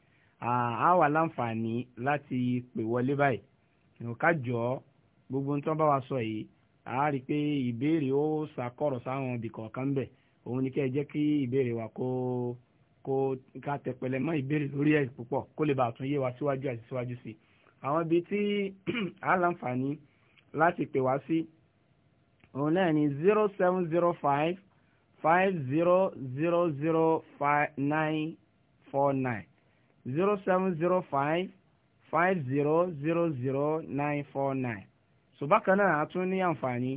a wà láǹfààní láti pè wọlé báyìí ká jọ gbogbo nǹkan bá wa sọ yìí a rí i pé ìbéèrè ó ṣàkọ̀rọ̀ sáwọn ibì kọ̀ọ̀kan bẹ̀ òun ni kí ẹ jẹ́ kí ìbéèrè wa kó kó ká tẹpẹlẹ mọ́ ìbéèrè lórí ẹ̀ púpọ̀ kó lè bàa tún yé wa síwájú àti síwájú sí i àwọn ibi tí a láǹfààní láti pè wá sí òun náà ni zero seven zero five five zero zero zero five nine four nine zero seven zero five five zero zero zero nine four nine so bákan náà a tún ní àǹfààní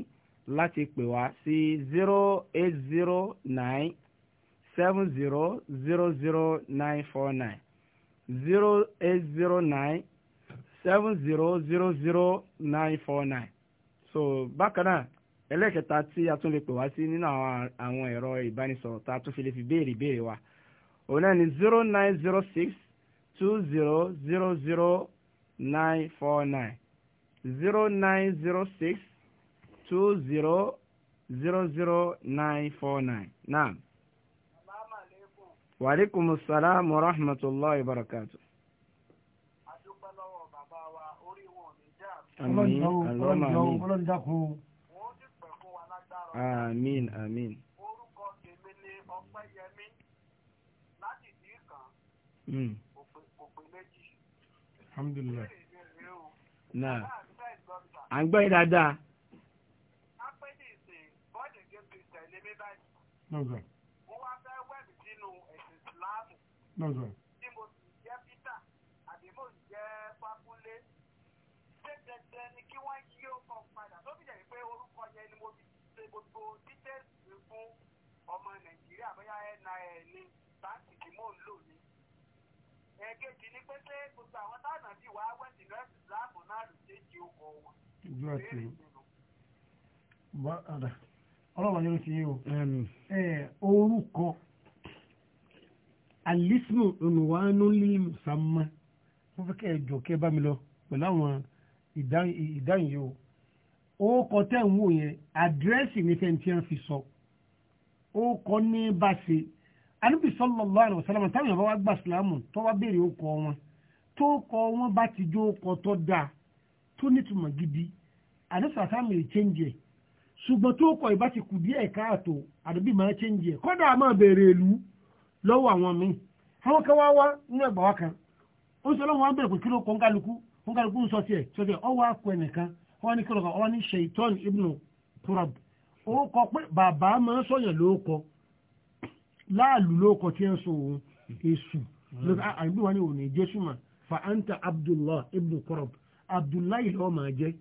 láti pè wá sí zero eight zero nine seven zero zero zero nine four nine zero eight zero nine seven zero zero zero nine four nine so bákan náà ẹlẹ́kẹta tí a tún lè pè wá sí nínú àwọn ẹ̀rọ ìbánisọ̀rọ̀ tá a tún fi lè wa òun náà ni zero nine zero six two zero zero zero nine four nine zero nine zero six two zero zero zero nine four nine salaam wa Amin, amin. orúkọ tèmi ni ọpẹ́yẹmí láti ìdí kan hmm. òpè méjì. alhamdulilayi. náà à ń gbọ́ yín dáadáa. pápẹ́ ní ìsìn bọ́ọ̀dì gẹ́gẹ́ tẹ̀lé mi báyìí. mo wá fẹ́ wẹ̀mí sínú ẹ̀sìn ìsìláàmù. tí mo sì jẹ́ peter àbí mo sì jẹ́ fákúnlé. ṣé dandan ni kí wọ́n yí ó kọ́ padà tó fi pé orúkọ yẹn ni mo fi gbogbo dítẹ́sì fún ọmọ nàìjíríà bóyá nin ní báńkì tí mò ń lò ní. ẹ̀ẹ́dẹ́gì ni pé pé gbogbo àwọn táwọn àti ìwà wẹ́sì lọ́sì láàbò náà lò dé di okò wọn. ojú àti bàdà ọlọ́run yóò ti yín o. orúkọ alismu onùwánú lílù sàmà ẹ̀jọ̀ kẹ́ bá lọ pẹ̀lú àwọn ìdáhùn yìí o ókọ tẹ́ ń wò yẹn àdírẹ́sì ní fẹ́ tí wọ́n fi sọ ókọ ní bá ṣe anábì sallallahu alaihi wasallam táwọn yàrá wa gbà sílámù tó wá béèrè ókọ wọn tó kọ wọn bá ti jó ókọ tó dáa tó nítumọ̀ gidi àdúrà sáàmì lè chẹ́ǹjì ẹ̀ ṣùgbọ́n tó kọ ìbá ti kù díẹ̀ káàtó àdúbì máa chẹ́ǹjì ẹ̀ kọ́dà máa béèrè ìlú lọ́wọ́ àwọn míì àwọn kan wá wá ní ẹgbàá wa kan ó sọ lọ́wọ́ wọn bẹ̀rẹ̀ pé kí ló kọ́ ń kálukú ń kálukú ń sọ wọ́n ní kí lọ́kọ̀ wọ́n ní Shaitan ibn Turab ó kọ pé bàbá máa ń sọ̀yàn lóòkọ láàlú tí ń sọ òun èṣù ah, àbí wọn ní òun ní Jésù mà fa anta Abdullah ibn Turab Abdullahi lọ́wọ́ máa jẹ́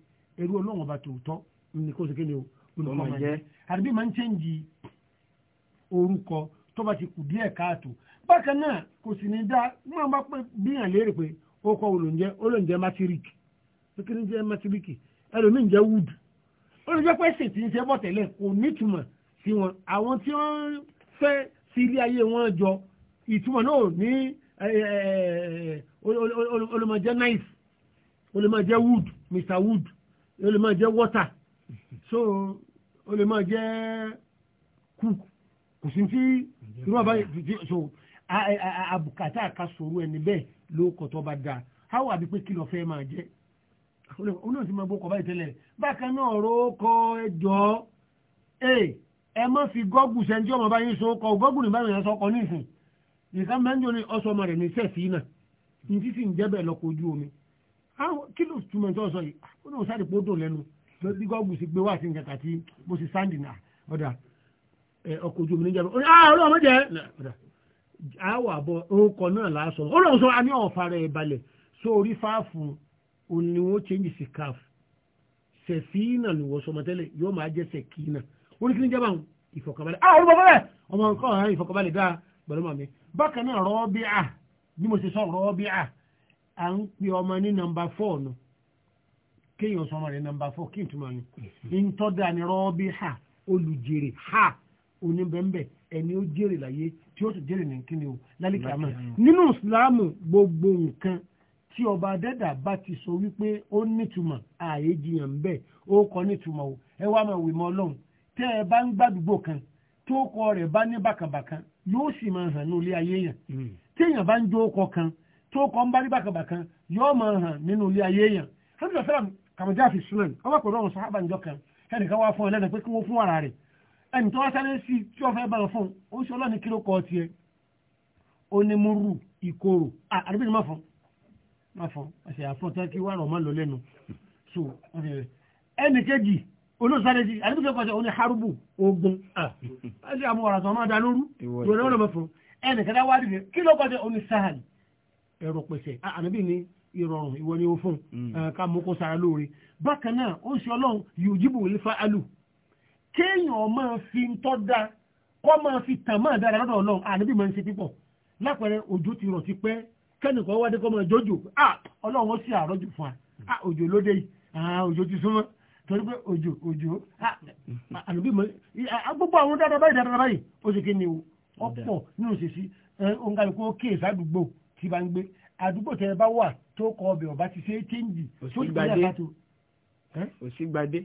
ẹrú ọlọ́wọ́n bá tòótọ́ ní kó sì kéde olùkọ́ máa jẹ́ àdébí máa ń chẹ́ǹjì orúkọ tó bá ti kù díẹ̀ káàtó bákan náà kò sì ní dá máa bá kọ matiriki pé kí ni matiriki ẹlòmíì ń jẹ́ wood ó lè jẹ́ pé ṣe ti ń ṣe bọ̀ tẹ́lẹ̀ kò nítumọ̀ sí wọn àwọn tí wọ́n fẹ́ sí ilé ayé wọn jọ ìtumọ̀ náà ní olùmọ̀jẹ́ nice olùmọ̀jẹ́ wood mr wood olùmọ̀jẹ́ water so olùmọ̀jẹ́ cook kò sí tí irú àbá so àbùkátà ká sọ̀rọ̀ ẹni bẹ́ẹ̀ ló kọ̀ tó bá dáa how àbí pé kí ló fẹ́ máa jẹ́ olóòtú máa bó kọ báyìí tẹ́lẹ̀ bákan náà ọ̀rọ̀ kọ ẹjọ́ ẹ má fi gọ́gù sẹ́ńtì ọmọ báyìí so kọ gọ́gù ní báyìí sọ kọ nísìn nìkan máa ń jọ ní ọsọ ọmọ rẹ̀ ní sẹ́ẹ̀sì náà ní títí ń lọ́kọ̀ ojú omi kí ló túmọ̀ tó sọ yìí ah, ó dùn lẹ́nu bí gọ́gù sì gbé wá sí nǹkan kàtí sáǹdì náà ọ̀dà ọkọ̀ ojú omi ní òun ni wọ́n change sí caf sẹ̀fínà ni wọ́n sọmọ tẹ́lẹ̀ yóò máa jẹ́ sẹ̀kínà ó ní kí ní jẹ́ báwọn ìfọ̀kànbalẹ̀ ah orúkọ bẹ́ẹ̀ ọmọ nǹkan ọ̀hán ìfọ̀kànbalẹ̀ dáa pẹ̀lú màmí bákan náà rọ́bíà bí mo ṣe sọ rọ́bíà à ń pe ọmọ ní nọmba fọ́ọ̀ nù kéèyàn sọmọ rẹ̀ nọmba fọ́ọ̀ kí mm-hmm. n túmọ̀ ni ìtọ́dà ni rọ́bíà olùjèrè ha oníbẹ̀ǹbẹ̀ ẹni ó jèrè láyé tí ó sì jèrè ní kíni o lálẹ́ kí a mọ̀ nínú ìsìlámù gbogbo nǹkan tí ọba adẹ́dà bá ti sọ wípé ó nítumọ̀ ààyè jiyàn ń bẹ̀ ó kọ nítumọ̀ o ẹ wá máa wì mọ́ ọlọ́run tẹ́ ẹ bá ń gbàdúgbò kan tó kọ rẹ̀ bá ní bàkàbàkan yóò sì máa hàn ní ilé ayé yàn téèyàn hmm. bá kan tó kọ ń bá ní bàkàbàkan yóò máa hàn nínú ilé ayé yàn kàmájà fi kan ẹnìkan wá fún pé kí wọ́n fún ara rẹ̀ sáré sí tí wọ́n fẹ́ bá lọ kọ onímúrú ìkorò àdébìnrin má fún un má fọ ọ̀sẹ̀ àfọ̀tán kí wàrọ̀ má lọ lẹ́nu so ẹnì kejì olóòsáré ti àdébùsọ̀ pàṣẹ òní harubu ogun ẹsẹ̀ àmọ́ ọ̀rọ̀ àtọ̀ máa da lóru ìwọ̀n náà lọ́mọ fún ẹnì kẹta wá dìde kí ló pàṣẹ òní sahali ẹ̀rọ pèsè ah, ànábì ní ìrọ̀rùn ìwọ ni ó fún hmm. ah, ká mú kó sara lóore bákan náà ó ń ṣe ọlọ́run yòójúbù ìlífà alù kéèyàn máa fi ń tọ́ da kọ́ máa fi tàn máa dára lọ́dọ̀ ọlọ́run ànábì máa ń ṣe pípọ̀ lápẹẹrẹ òjò ti rọ̀ ti pẹ́ kẹ́nìkan wá dé kọ́mọ ìjọ́jò ah ọlọ́run ó sì àrọ́jù fún wa ah òjò lóde yìí ah òjò ti súnmọ́ torí pé òjò òjò ah àlùbí mọ gbogbo àwọn dáadáa báyìí dáadáa báyìí ó ṣe kí ni o ọ̀pọ̀ nínú ṣèṣì nǹkan ìkó kéèsì àdúgbò tí bá ń gbé àdúgbò tẹ ẹ bá wà tó kọ ọbẹ̀ ọba ti ṣe é chéǹjì tó ti gbé ẹ̀ka tó. òṣìgbàdé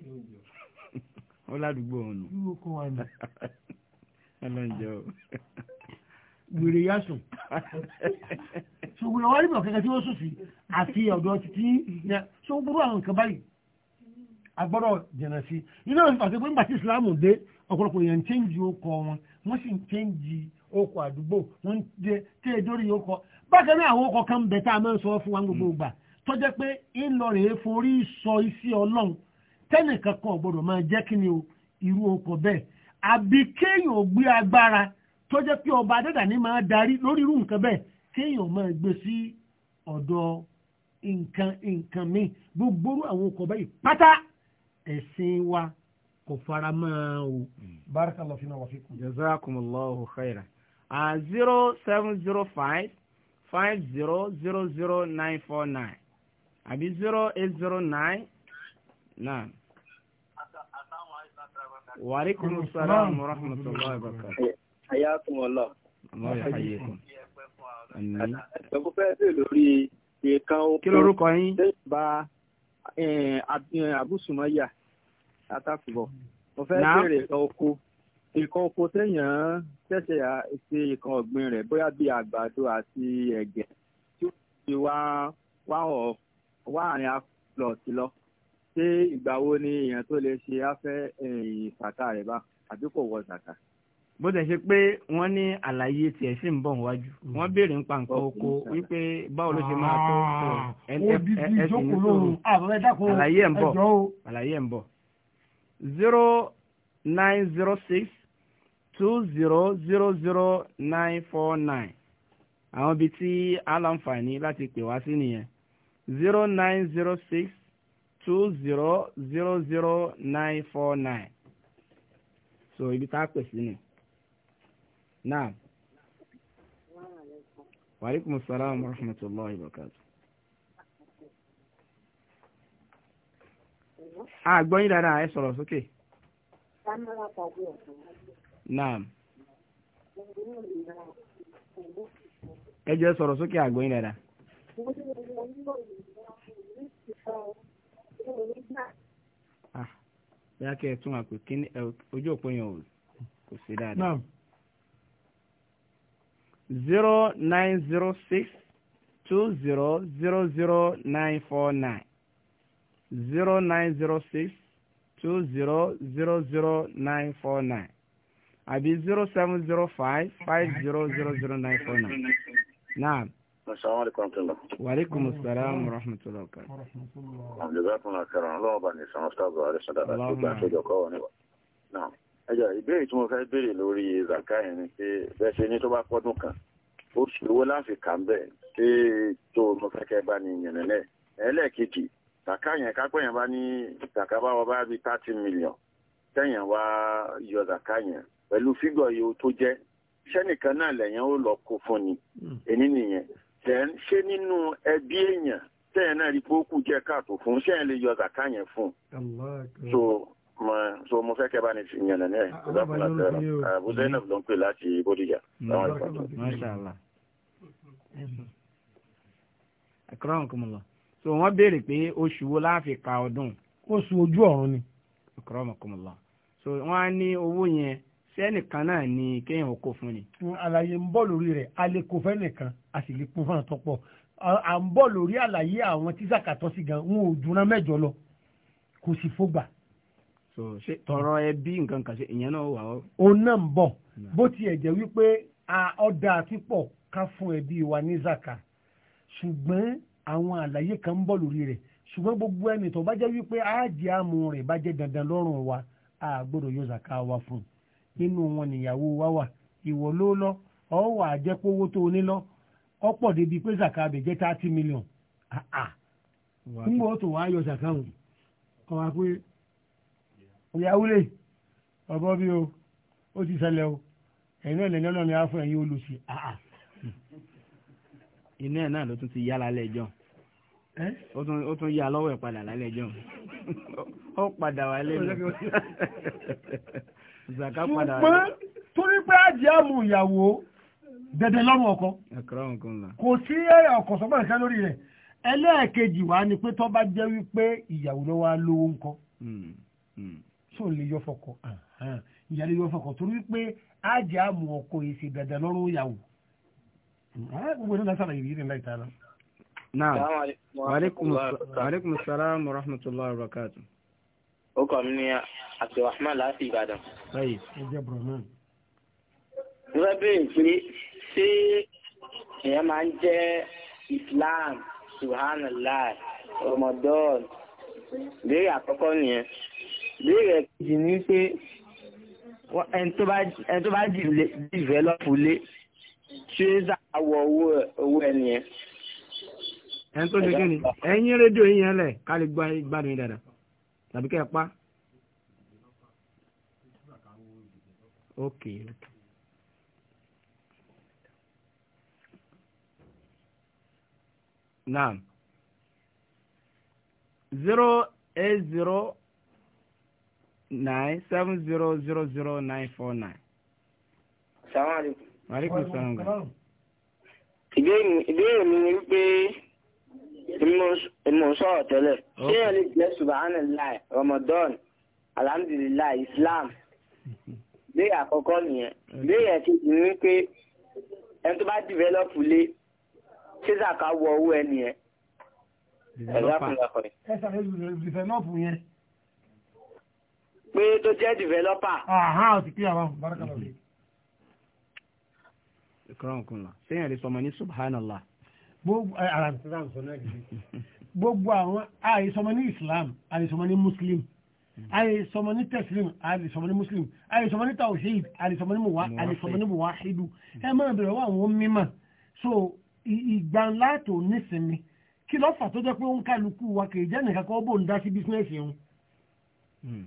ó ládùúgbò ọ̀nà ọlọ́njọ́ Were yá sùn ṣùgbọ́n àwọn àríbọ̀ tí wọ́n sùn sí àti ọ̀dọ̀ títí ní so gbogbo àwọn nǹkan báyìí agbọ́dọ̀ jẹ̀nà sí iná pé dé ọ̀pọ̀lọpọ̀ èèyàn ń wọn wọ́n sì ń àdúgbò wọ́n ń jẹ ẹ dórí bákan náà àwọn sọ fún wa gbogbo ìgbà tó jẹ́ pé ńlọ forí sọ iṣẹ́ ọlọ́run tẹ́nìkan kan máa jẹ́ kí ni o tó jẹ́ pé ọba adẹ́dà ní máa darí lórí irú nǹkan bẹ́ẹ̀ kéèyàn máa gbé sí ọ̀dọ̀ nǹkan nǹkan mi gbogbo àwọn okọ̀ báyìí pátá ẹ̀sìn wa kò fara mọ́ o. barakallahu fina wa fikum. jazakumullahu khairan. zero seven zero five five zero zero zero nine four nine àbí zero eight zero nine nine. wa alaikumus salam wa rahmatullahi wa barakatuh àyàkùn ọlọ. ẹgbẹ́ fẹ́ bè lórí ìkan oko. kí lorúkọ yín bá abúsùmọ́yà látàkùbọ̀ mo fẹ́ bèrè ìkan oko ìkan oko téèyàn ṣẹ̀ṣẹ̀ ṣe ìkan ọ̀gbìn rẹ̀ bóyá bíi àgbàdo àti ẹ̀gẹ́ tí ó ti wá wá ọ̀ wá àárín aflọ̀tì lọ ṣé ìgbà wo ni èèyàn tó lè ṣe afẹ́ ìfàkà rẹ̀ bá àbí kò wọ zàkà bó tẹ̀ ṣe pé wọ́n ní àlàyé tiẹ̀ sì ń bọ̀ wájú hmm. wọ́n béèrè ń pa nǹkan oko wípé báwo ló ṣe máa tó ah, ẹ̀sìn ah, nítorí àlàyé ń ń bọ̀ zero nine zero six two zero zero zero nine four nine àwọn ibi tí aláǹfààní láti pè wá sí nìyẹn zero nine zero six two zero zero zero nine four nine so ibi tá a pè sí nìyẹn. Naam. Wa alaikum salaam wa rahmatullahi wa barakatuh. A gbọ́ yín dáadáa, ẹ sọ̀rọ̀ sókè. Naam. Ẹ jẹ́ sọ̀rọ̀ sókè a yín dáadáa. Ah, bí a Naam. 0906 2000949 0906 2000949 àbí 0705 Naam. Assalamu alaikum warahmatullah. Wa alaikum assalam warahmatullahi wabarakatuh. Jazakumullahu khairan. Ọlọ́run bá ní sàn ọ́sítàbù àrísàdàdà tó gbà tó jọ kọ́ wọn níwà. Naam. ẹjọ ìbéèrè tí mo fẹ́ béèrè lórí zaka ni pé bẹ́ẹ̀ ṣe ní tó bá pọ́dún kan ó ṣe owó láti kà ń bẹ̀ pé tó mo fẹ́ kẹ́ bá ní yẹn lẹ́lẹ́ ẹlẹ́ẹ̀kejì zaka yẹn kápẹ́ yẹn bá ní zaka bá wọ bá bí thirty million tẹ̀yìn wá yọ zaka yẹn pẹ̀lú fígọ̀ yìí tó jẹ́ sẹ́nìkan náà lẹ́yìn ó lọ kó fún ni hmm. èní nìyẹn ṣe nínú ẹbí èèyàn tẹ̀yìn náà rí pé ó kù jẹ́ káàtó fún ṣẹ́yìn lè yọ zaka yẹn fún mo so mo fẹ́ kẹ́ bá ní ìyànnà ní ẹ̀ kó dákun láti ẹ̀rọ àbú zainab ló ń pè láti bódìjà láwọn ìfọ̀tò. akram so wọ́n béèrè pé oṣù wo la fi ka ọdún. oṣù ojú ọ̀run ni. akram kumula so wọ́n á ní owó yẹn sẹ́nìkan náà ni kéèyàn kó fún ni. àlàyé ń bọ̀ lórí rẹ̀ a lè kó fẹ́nìkan a sì lè kó fún àtọ́pọ̀ à ń bọ̀ lórí àlàyé àwọn tí sàkàtọ́ sí gan wọn ò dúnra mẹ́jọ lọ kò sì fó gbà. tọrọ ẹbí nǹkan kan ṣe ìyẹn náà wà ó. òun náà ń bọ̀ bó tiẹ̀ jẹ́ wípé ọ̀dà ká fún ẹbí wa ní zaka ṣùgbọ́n àwọn àlàyé kan ń bọ̀ lórí rẹ̀ ṣùgbọ́n gbogbo ẹni tó bá jẹ́ wípé àmú rẹ̀ bá jẹ́ dandan lọ́rùn wa zaka wa fún nínú wọn wa wà ìwọ ọ tó ní lọ ọ débi pé zaka bẹ̀ thirty million òyàwúlè ọ̀bọ bí o ó ti ṣẹlẹ̀ o ẹ̀yin náà lẹ́ni ọlọ́run á fún ẹ̀yin olùsí àà. iná ẹ̀ náà ló tún ti yá lálẹ́ ẹjọ́ ó tún yá lọ́wọ́ ẹ̀ padà lálẹ́ ẹjọ́ ó padà wá lé mi zaka padà wá lé mi. torí pé àjẹ́ àmú ìyàwó dẹ̀dẹ̀ lọ́rùn ọkọ kò sí ọkọ̀ sọ́gbọ́n ìṣẹ́ lórí rẹ̀ ẹlẹ́ẹ̀kejì wá ni pé tó bá jẹ́ wípé ìyàwó ló wá lówó ńkọ́. Hmm, hmm sóun lè yọ fọkọ ìyá lè yọ fọkọ torí pé ájà mú ọkọ èsì dàdà lọ́rùn ìyàwó gbogbo ní lásán àyè yìí láì tààrà. naam waaleykum salaam wa rahmatulahi wa barakatu. ó kọ́ mi ní abdulrahman láti ìbàdàn. báyìí ẹ jẹ́ burahman. mo fẹ́ béèrè pé ṣé èèyàn máa ń jẹ́ islam subhanallah ramadan ìbéèrè àkọ́kọ́ nìyẹn ìbéèrè kejì ni pé ẹni tó bá dìvẹ́lọ́pù lé ṣé sàwọ owó ẹni yẹn. ẹni tó ṣe kí ni ẹyin rédíò yín yẹn lẹ ká lè gba ìgbádùn yín dáadáa tàbí kẹ́ ẹ pa. Okay. Zero eight zero nine seven zero zero zero nine four nine. salaamaleykum. maaleykum salaam gan. ìbéèrè mi ni wípé ìmọ̀ sọ̀rọ̀ tẹ́lẹ̀ ṣé ẹ lè jẹ́ subhanallah ramadan alhamdulillah islam ìbéèrè àkọ́kọ́ nìyẹn ìbéèrè kejì ni wípé ẹni tó bá dìvẹ́lọ́pù lé ṣé zaka wọ owó ẹ nìyẹn. ẹ̀dá fún ẹ̀kọ́ yẹn. ẹ ṣàlẹ́ ìdìvẹ́lọ́pù yẹn pé tó jẹ́ developer. àhá ọ̀sì kí àwọn bárakàlá rẹ̀. ìkọ́ràn kùnà sẹ́yìn rẹ̀ sọmọ ní subhanallah. gbogbo ara mi sọ́dọ̀ sọ náà gidi gbogbo àwọn àìsọmọ ní islam àìsọmọ ní muslim àìsọmọ ní tẹsílim àìsọmọ ní muslim àìsọmọ ní tawhid àìsọmọ ní muwa àìsọmọ ní muwahidu ẹ máa bẹ̀rẹ̀ wá àwọn mímọ̀ so ìgbànlá tó nísinmi kí lọ́fà tó jẹ́ pé ó ń kálukú wa kì í jẹ́ nìkan kọ́ bó ń dá sí bísínẹ́sì ń. Hmm.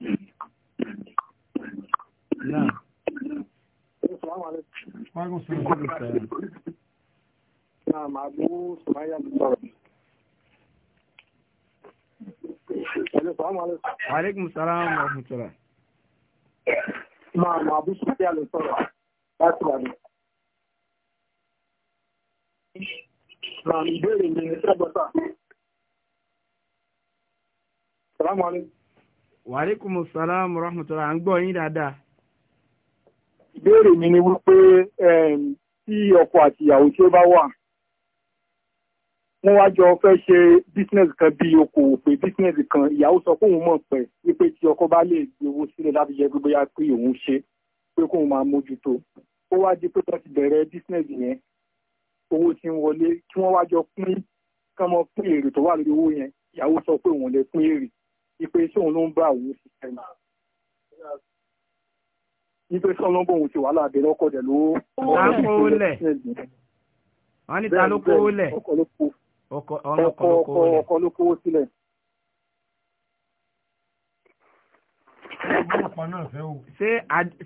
نعم السلام عليكم وعليكم السلام نعم عبو سمية بالضرب السلام عليكم وعليكم السلام ورحمة الله نعم عبو سمية بالضرب láti Ìbéèrè mi ni ṣẹ́gbọ́ta. Salamu alaikum wàríkùmù sàlámù rahmatulá à ń gbọ́ yín dáadáa. ìbéèrè mi ni wípé tí ọkọ àti ìyàwó tí ó bá wà wọ́n wá jọ fẹ́ ṣe bísínẹ́sì kan bí okòwò pé bísínẹ́sì kan ìyàwó sọ pé òun mọ̀ pẹ́ wípé tí ọkọ bá lè gbé owó sílẹ̀ láti yẹ pé bóyá pé òun ṣe pé kóun máa mójútó ó wá di pé wọ́n ti bẹ̀rẹ̀ bísínẹ́sì yẹn owó tí ń wọlé kí wọ́n wá jọ pín kán mọ́ pín èrè tó wà lórí owó yẹn ìyàwó sọ pé òun lè pín èrè ìpè tí òun ló ń bá òun ti sẹ́yìn nítorí sọ́n ló ń bọ̀ òun ti wàhálà àbẹ̀rẹ̀ ọkọ̀ dẹ̀ ló. ta ló kówó lẹ̀ wọ́n ní ta ló kówó lẹ̀ ọkọ̀ ló kówó sílẹ̀.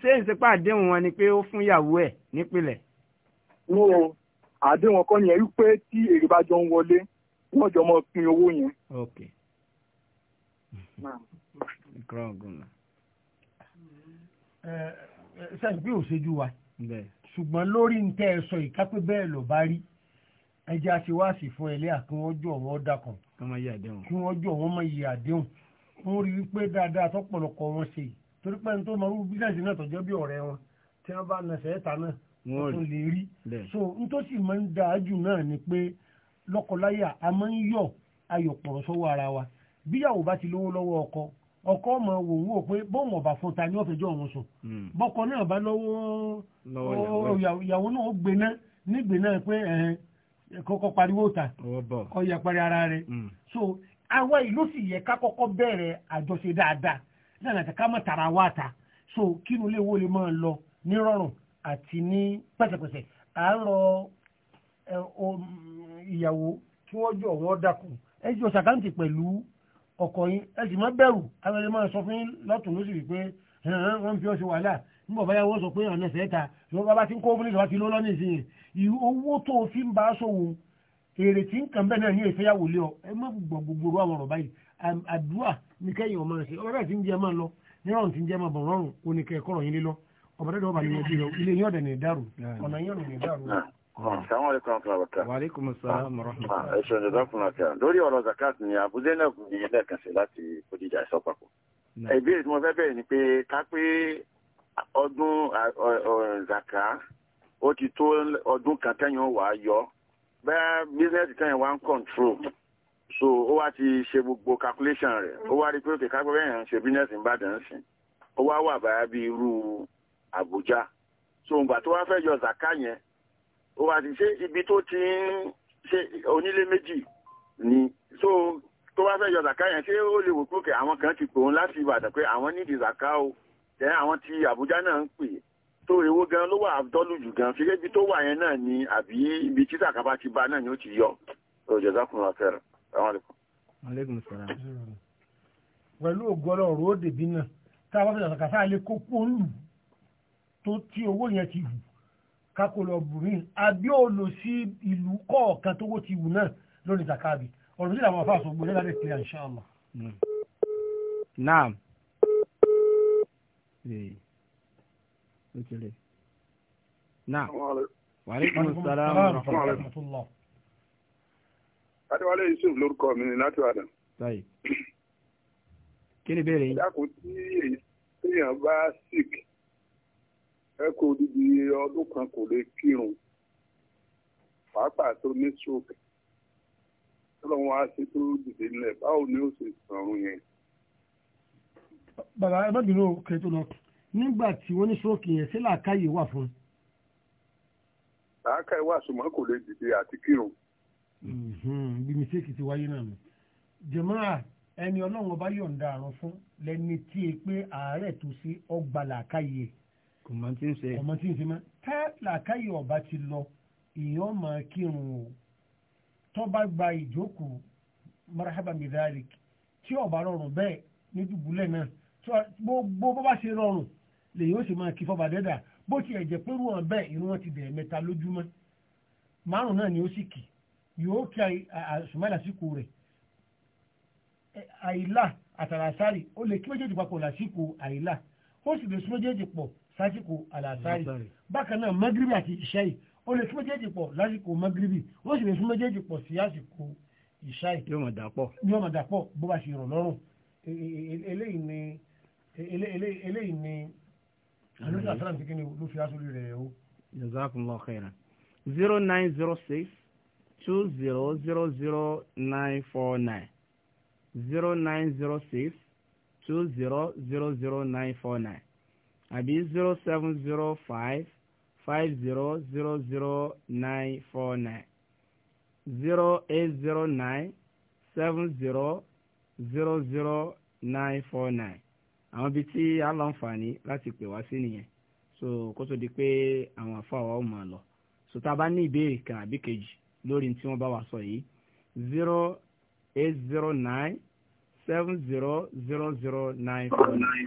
ṣé ìṣepá àdéhùn wọn ni pé ó fún ìyàwó ẹ̀ nípìnlẹ̀. mo àdéhùn ọkọ yẹn wípé tí èrè bá jọ ń wọlé wọ́n jọ mọ pín owó yẹn. ṣàgbé òṣèjú wa ṣùgbọ́n lórí ń tẹ́ ẹ sọ bẹ́ẹ̀ lọ bá rí ẹjẹ́ aṣèwáṣì fún ẹlẹ́à kí wọ́n dàkàn kí wọ́n jọ wọ́n mọ iye àdéhùn wọ́n rí i pé dáadáa tọ́pọ̀lọpọ̀ wọn ṣe torí pé ní tó máa wú náà tọ́jọ́ bí ọ̀rẹ́ rí so n tó sì máa ń dáa jù náà pé a máa ń yọ ayọ̀pọ̀rọ̀ sọ́wọ́ wa bíyàwó bá ti lówó lọ́wọ́ ọkọ ọkọ ọmọ wò ń wò pé bóun ọba fún ta ni wọn fẹjọ sùn hmm. bọkọ náà bá lọ́wọ́ ìyàwó náà ó gbéná pé kọ́kọ́ pariwo ta ọyà pari ara rẹ̀ hmm. so àwa ìlú sì yẹ ká àjọṣe dáadáa lẹ́nà tara wá ta so kínú ilé wo lè máa lọ àti ní pẹ̀sẹ̀pẹ̀sẹ̀ ọkọ yín ẹ sì má bẹ̀rù àwọn ẹni máa sọ fún yín lọ́tún lóṣù wípé wọ́n fi ọṣẹ wàhálà nígbà báyà wọ́n sọ pé ọ̀nà ẹ̀sẹ̀ ta ìwọ́n bá bá ti ń kó mílíọ̀nù àti lọ́lọ́ ní ìsinyìí owó tó fi ń bá a ṣòwò èrè tí ń kàn bẹ́ẹ̀ náà ní ìfẹ́yàwó lé ọ ẹ má gbọ́ gbogbo àwọn ọ̀rọ̀ báyìí àdúrà ní kẹ́yìn ọmọ ẹ̀sìn ọ̀rọ̀ tí ń jẹ́ máa lọ nírọ̀rùn tí ń jẹ́ máa bọ̀ rọrùn oníkẹ́ kọ́rọ̀ yín lé lọ ọ̀bọ̀dẹ́dọ̀ Assalamu alaikum wa rahmatullahi. Wa alaikum assalam wa rahmatullahi. Ah, Ẹ ṣe ọ̀dọ́ fún Lórí ọ̀rọ̀ zakat ni àbúzẹ́ náà kù ní ẹlẹ́ẹ̀kan sí láti Bódìjà ẹ̀sọ́ papọ̀. Ìbéèrè tí mo fẹ́ bẹ̀rẹ̀ ni pé ká pé ọdún zaka ó ti tó ọdún kan tẹ́yìn wà á yọ. Bẹ́ẹ̀ bísíǹsì tẹ́yìn wá ń control. So ó wá ti ṣe gbogbo calculation rẹ̀. Ó wá rí pé òkè ká pé bẹ́ẹ̀ yẹn ń ṣe bísíǹsì ń bàdàn sí. Ó wá wà báyà bí irú Àbújá. So ìgbà tó wá fẹ́ yọ zaka yẹn ó wá sí ṣé ibi tó ti ń ṣe onílé méjì ni so tó bá fẹ́ yọ zaka yẹn ṣé ó lè wò pé òkè àwọn kan ti pè òun láti Ìbàdàn pé àwọn nídìí zaka o tẹ́ àwọn ti Àbújá náà ń pè tó èwo gan ló wà dọ́lù jù gan ṣé ibi tó wà yẹn náà ni àbí ibi tí zaka bá ti ba náà ni ó ti yọ ọjọ́ zákùnrin afẹ́rẹ́ àwọn àlekún. aleykum salaam. pẹ̀lú ògbọ́lọ̀ ọ̀rọ̀ òdèbí náà tá a bá fẹ́ zaka sáà lè kó pọ́ńlù tó tí owó yẹn ti hù kákòlò ọ̀bùnrin àbí òòlò sí ìlú kọ̀ọ̀kan tó wó ti wù náà lórí zakabi ọ̀rọ̀ sí àwọn afáàsọ gbọ́dọ̀ lábẹ́ ìpínlẹ̀ inṣàlá. naam naam adéwálé yusuf lórúkọ mi ní láti wàdàn. kí ni ìbéèrè yín. ìdákùn tí èèyàn bá sick ẹ kò dídì ọdún kan kò lè kírun pàápàá tó ní stroke tọ́lọ́wọ́n á ṣe tó dìde nílẹ̀ báwo ni ó ṣe sọ̀rọ̀ yẹn. bàbá ẹ bá tó lọ nígbà tí wọ́n ní stroke yẹn ṣé làákàyè wà fún un. làákàyè wà ṣùgbọ́n kò lè dìde àti kírun. bí ti wáyé náà nù jẹ̀mọ́ra ẹni ọlọ́run ọba yọ̀ǹda àrùn fún tí e pé àárẹ̀ tó kò mọ tí ń ṣe. kò mọ tí ń ṣe mọ́ tá làákàyè ọba ti lọ èèyàn máa kírun o tó bá gba ìjókòó marahaba midalik tí ọba rọrùn bẹ́ẹ̀ ní dùbúlẹ̀ náà gbogbo bó bá ṣe rọrùn lèyìn ó sì máa kí fọba dẹ́dà bó tiẹ̀ jẹ́ pé wọ́n bẹ́ẹ̀ irun wọn ti bẹ̀rẹ̀ mẹ́ta lójúmọ́ márùn náà ni ó sì kì yóò kí àṣùmáìlà síkù rẹ̀ àìlà àtàràsárì ó lè kí méjèèjì papọ̀ lásìkò àìlà ó sì lè sún méjèèjì pọ̀ sásìkò àlàsárì bákan náà magribi àti ìṣáì o lè tún méjèèjì pọ̀ lásìkò magribi o sì lè tún méjèèjì pọ̀ sí àsìkò ìṣáì yóò mọ̀ dàpọ̀ yóò mọ̀ dàpọ̀ bó bá ṣe rọ̀ lọ́rùn e, e, e, eléyìí ni eléyìí ni àlùsí àsálàm ti kíni ló fi aṣojú rẹ̀ o. jazakumullahu khairan zero nine zero six two zero zero zero nine four nine zero nine zero six two zero zero zero nine four nine àbí zero seven zero five five zero zero zero nine four nine zero eight zero nine seven zero zero zero nine four nine àwọn ibi tí a lọ ń fà ní láti pè wá sí nìyẹn so kó tó di pé àwọn afáwa ò máa lọ so tá a bá ní ìbéèrè kan àbí kejì lórí tí wọ́n bá wà sọ yìí zero eight zero nine seven zero zero zero nine four nine.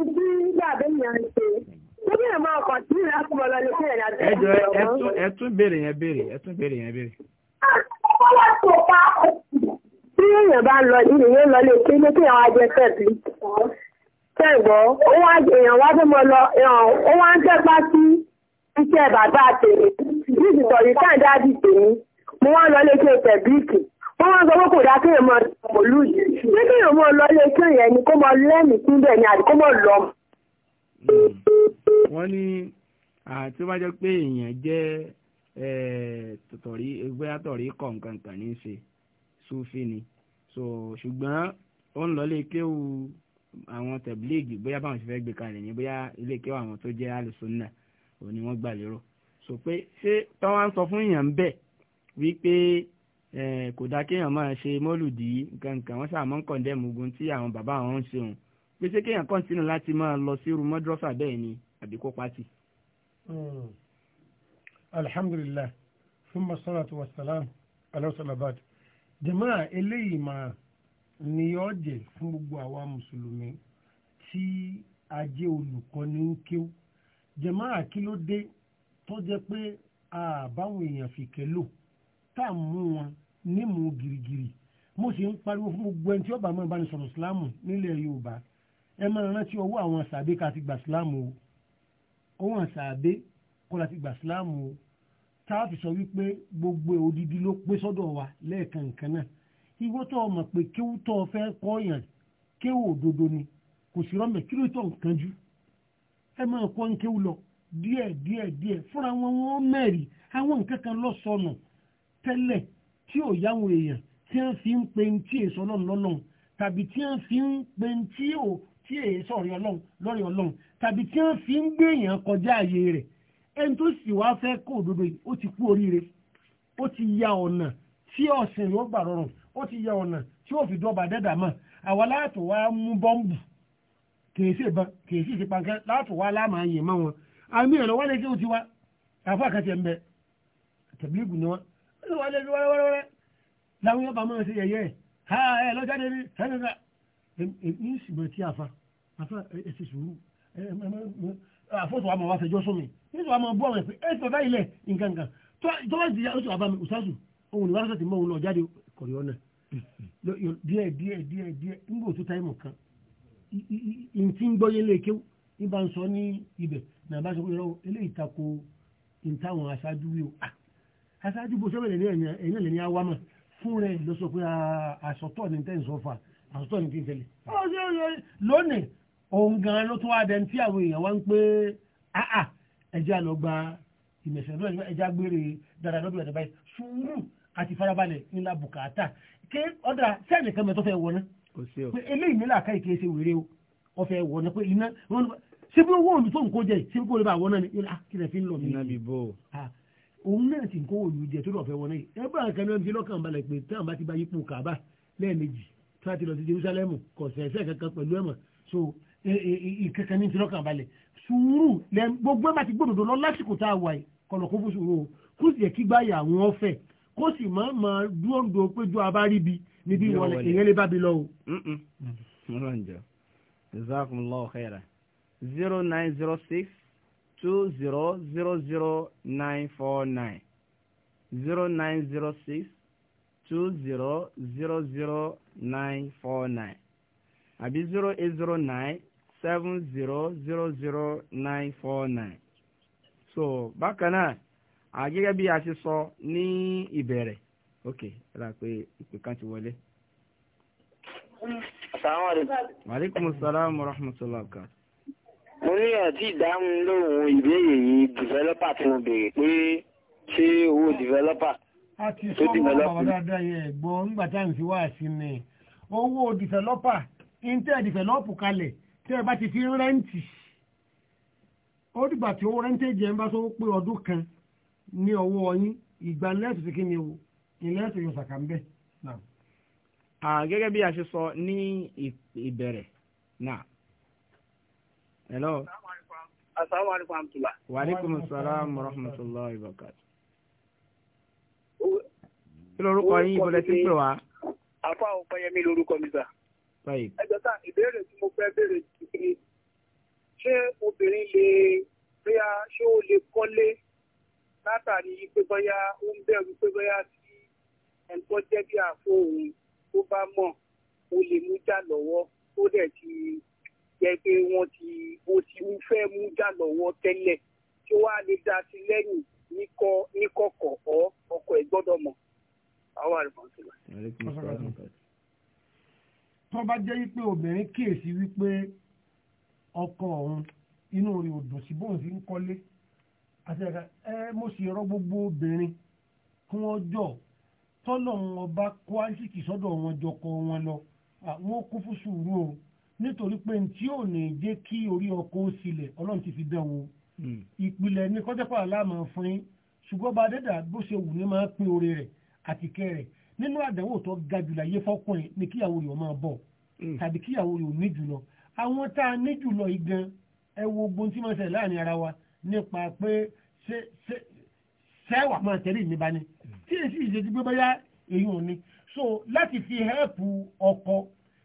ìdí gbàgbé yẹn ń ṣe lókè ẹ̀ máa kàn sí ìlà kúmọ̀ lọ lókè ẹ̀ láti ẹ̀jọ̀ ẹ tún béèrè yẹn béèrè ẹ tún béèrè yẹn béèrè. tí èèyàn bá lọ ilé yẹn lọ lè ké lókè àwọn ajẹ tẹ̀sí tẹ̀gbọ́ ó wá èèyàn wá fẹ́ mọ lọ ó wá ń tẹ́pá sí iṣẹ́ bàbá tèmi bí ìsìtọ̀ yìí káàdá dì tèmi mo wá lọ lè ké tẹ̀bíìkì wọ́n wá ń sọ pé kò dáa kéèyàn máa lọ ìlú yìí pé kéèyàn máa lọ ilé kéèyàn ẹni kó máa lẹ́mìí sí bẹ́ẹ̀ ni àbí kó máa lọ. Hmm. wọ́n ní àti ó bá jẹ́ pé èèyàn jẹ́ tọ̀rí bóyá tọ̀rí kọ̀ǹkankan ní í ṣe sufi ni ṣùgbọ́n ó ń lọ ilé kéwù àwọn tẹ̀blíìgì bóyá báwọn ṣe fẹ́ gbé kalẹ̀ ní bóyá ilé kéwù àwọn tó jẹ́ alùsùnà òní wọ́n gbà lérò so pé ṣé táwọn á ń sọ fún èèyàn bẹ́ẹ̀ wípé Eh, kò dá kéèyàn máa ṣe mọ́lùdí nǹkan wọ́n ṣàmọ́ ń kọ̀ndẹ́mù ogun tí àwọn bàbá àwọn ń ṣeun pé ṣé kéèyàn kọ́ńtínú láti máa lọ sí irú mọ́dúrọ́fà bẹ́ẹ̀ ni àbí kó pátì. Hmm. alhamdulilah thumma salatu wa salam alayhisalabad jamaa eléyìí máa ní yọ jẹ fún gbogbo àwa mùsùlùmí tí ajé olùkọ́ni ń kéw jamaa kí tó jẹ́ pé àbáwọn èèyàn fìkẹ́ lò tá a mú wọn nímú girigiri mo sì ń pariwo fún gbogbo ẹni tí ọba máa bá ní sọ̀rọ̀ síláàmù nílẹ̀ yorùbá ẹ máa rántí ọwọ́ àwọn àṣàbí ká ti gbà síláàmù o ọwọ́ àṣàbí kọ́ la gbà síláàmù o tá a fi sọ wípé gbogbo odidi ló pé sọ́dọ̀ wa lẹ́ẹ̀kan kan náà ìwọ tó o mọ̀ pé kéwù tó o fẹ́ kọ́ yàn kéwù òdodo ni kò sí rọ́mẹ̀ kí ló tó nǹkan jù ẹ máa kọ́ ń kéwù lọ díẹ̀ díẹ̀ díẹ̀ fúnra wọn wọn mẹ́rin àwọn nǹkan kan lọ sọnù tẹ́lẹ̀ tí ò yáwọn èèyàn tí wọ́n fi ń pe ń tí èso ọlọ́run lọ́lọ́run tàbí tí wọ́n fi ń pe ń tí ò tí èso ọ̀rẹ́ ọlọ́run lọ́rẹ́ ọlọ́run tàbí tí wọ́n fi ń gbé èèyàn kọjá àyè rẹ̀ ẹni tó sì wá fẹ́ kó òdodo yìí ó ti kú oríire ó ti ya ọ̀nà tí ọ̀sìn yóò gbà rọrùn ó ti ya ọ̀nà tí ó fi dọ́ba dẹ́dà mọ̀ àwa láàtò wá mú bọ́ǹbù kèé sí ìbọn kèé sí ìsìpankẹ́ láàtò wá láàmà yè mọ́ wọn àmì ìrànlọ́wọ́ lè ó ti wá àfọ́ àkàtì ẹ̀ ń bẹ tẹ̀blígù ni wọ́n ẹ̀sùn wà lẹ́bi wẹ́rẹ́wẹ́rẹ́ láwọn yọba máa ṣe yẹ̀yẹ́ ha ẹ̀ lọ́jà débi ẹ̀ẹ́dẹ́gbà ní ìsìnbọn tí àfa àfa ẹ̀sìn sùúrù àfọ́sọ̀ àmọ̀ wa fẹjọ́ sómi nítorí àmọ̀ bú àwọn ẹ̀fẹ́ ẹ̀sìn bàbá ilẹ̀ nǹkan kan tó bá ti yà oṣù àbámi òṣàṣù òun ìwà sọ̀tì mọ́ òun náà jáde kọ̀rọ̀ náà díẹ̀ díẹ̀ díẹ̀ díẹ̀ nígbà òtún táìmù kan ìntì ń gbọ́yé lè kéwù ní bá ń sọ ní ibẹ̀ nàbá sọ pé eléyìí tako ìntàwọn aṣáájú wíwò aṣáájú bó sẹ́wẹ̀lẹ̀ ní ẹ̀yìn ẹ̀yìn lè ní awámọ̀ fún rẹ̀ ló sọ pé àṣọtọ̀ ní tẹ́ ń sọ fà àṣọtọ̀ ní tẹ́lẹ̀. lónìí òun gan ló tún wá dẹni tí àwọn èèyàn wá ń pé àà ẹja lọ gba ìmẹ̀sẹ̀ lọ́wọ́ ẹja gbére dára lọ́bí ọ̀dọ̀ báyìí sùúrù àti farabalẹ̀ ńlá bùkátà ké ọ̀dà sẹ́ẹ̀nì kan mẹ́tọ́ fẹ́ wọná pé eléyìí nílà ni ah, kí lè fi ń lọ òun náà sì ń kó òòlù jẹ tó lọ fẹ́ wọn náà ẹgbẹ́ àkànní ọ̀nà tí lọ́kàn balẹ̀ pé tí àwọn bá ti bá yípo kàbá lẹ́ẹ̀mejì tí wọ́n ti lọ sí Jerusalemu kò sẹ̀sẹ̀ kankan pẹ̀lú ẹ̀mọ̀ so ìkankan ní ti lọ́kàn balẹ̀ sùúrù gbogbo ẹ̀ bá ti gbódòdó lọ lásìkò tá a wà yìí kọ̀nà kó fún sùúrù o kó sì yẹ kí gbáyà àwọn ọ̀fẹ́ kó sì má máa dúró ń do pé ju abáríbi níbi ìwọlẹ̀ èèyàn lè bá bi lọ o. zero nine zero six two zero zero zero nine four nine zero nine zero six two zero zero zero nine four nine àbí zero eight zero nine seven zero zero zero nine four nine. so bákan náà àgẹ́gẹ́ bí a ti sọ ní ìbẹ̀rẹ̀ ok ra pé ìpè kan ti wọlé. asalaamualeykum. maaleykum salaam wa rahmatulah. mo ní ọ̀tí ìdáhùn lóhùn ìbéèrè yìí developer tí mo bèèrè pé ṣé owó developer tó dìvẹ́lọ́pà dáadáa yẹ ẹ̀gbọ́n nígbà wá sí ni owó dìvẹ́lọ́pà intel dìvẹ́lọ́pù kalẹ̀ tẹ́ ẹ bá ti fi ó tí owó rẹ́ǹtì jẹ́ ń bá tó pé kan ní ọwọ́ ìgbà lẹ́sùn sí kí ni o yóò sàkà ń bẹ̀. gẹ́gẹ́ a sọ ní ìbẹ̀rẹ̀ náà hello. asalaamualeykum amtula. waaleykum salaam wa rahmatulahi wa barakatu. kí lorúkọ yín ìbọlẹ̀ tí ń pè wá. afa ọ̀pẹ̀yẹmí lorúkọ mi sà. ẹjọ́ sá ìbéèrè tí mo fẹ́ béèrè kìkiri ṣé obìnrin lè bóyá ṣé ó lè kọ́lé látàrí pé bóyá ó ń bẹ̀rù pé bóyá tí ẹ̀ńtọ́ jẹ́ bí àfọ òun tó bá mọ̀ ó lè mú jà lọ́wọ́ ó dẹ̀ ti jẹ́ pé wọ́n ti bó ti ń fẹ́ mú jà lọ́wọ́ tẹ́lẹ̀ tí wàá lè dá sí lẹ́yìn níkọ̀kọ̀ ọ́ ọkọ ẹ̀ gbọ́dọ̀ mọ̀ àwọn àrùbọ̀nsìlá. tó bá jẹ́ wípé obìnrin kíyèsí wípé ọkọ ọ̀hún inú rẹ̀ ò dùn sí bóun sí ń kọ́lé àti ẹ mo sì rọ gbogbo obìnrin kí wọ́n jọ tọ́lọ̀ wọn bá kó àṣìkì sọ́dọ̀ wọn jọkọ wọn lọ àwọn kún fún sùúrù o nítorí pé tí ò ní jẹ́ kí orí ọkọ̀ ó sílẹ̀ ọlọ́run ti fi dán wo hmm. ìpìlẹ̀ ní kọ́jọ́pọ̀ aláàmọ̀ fún yín ṣùgbọ́n bá dẹ́dà bó ṣe wù ní máa pín oore rẹ̀ àti kẹ́ rẹ̀ nínú àdánwò tó ga jùlọ ayé fọ́kùnrin ni kíyàwó rẹ̀ máa bọ̀ hmm. tàbí kíyàwó rẹ̀ ò ní jùlọ àwọn tá a ní jùlọ igan ẹ wo ogun tí máa ṣe láàrin ara wa nípa pé ṣé ṣé máa tẹ̀lé ìníba ni hmm. tí èsì ìṣèjì gbé bóyá so láti fi hẹ́ẹ̀pù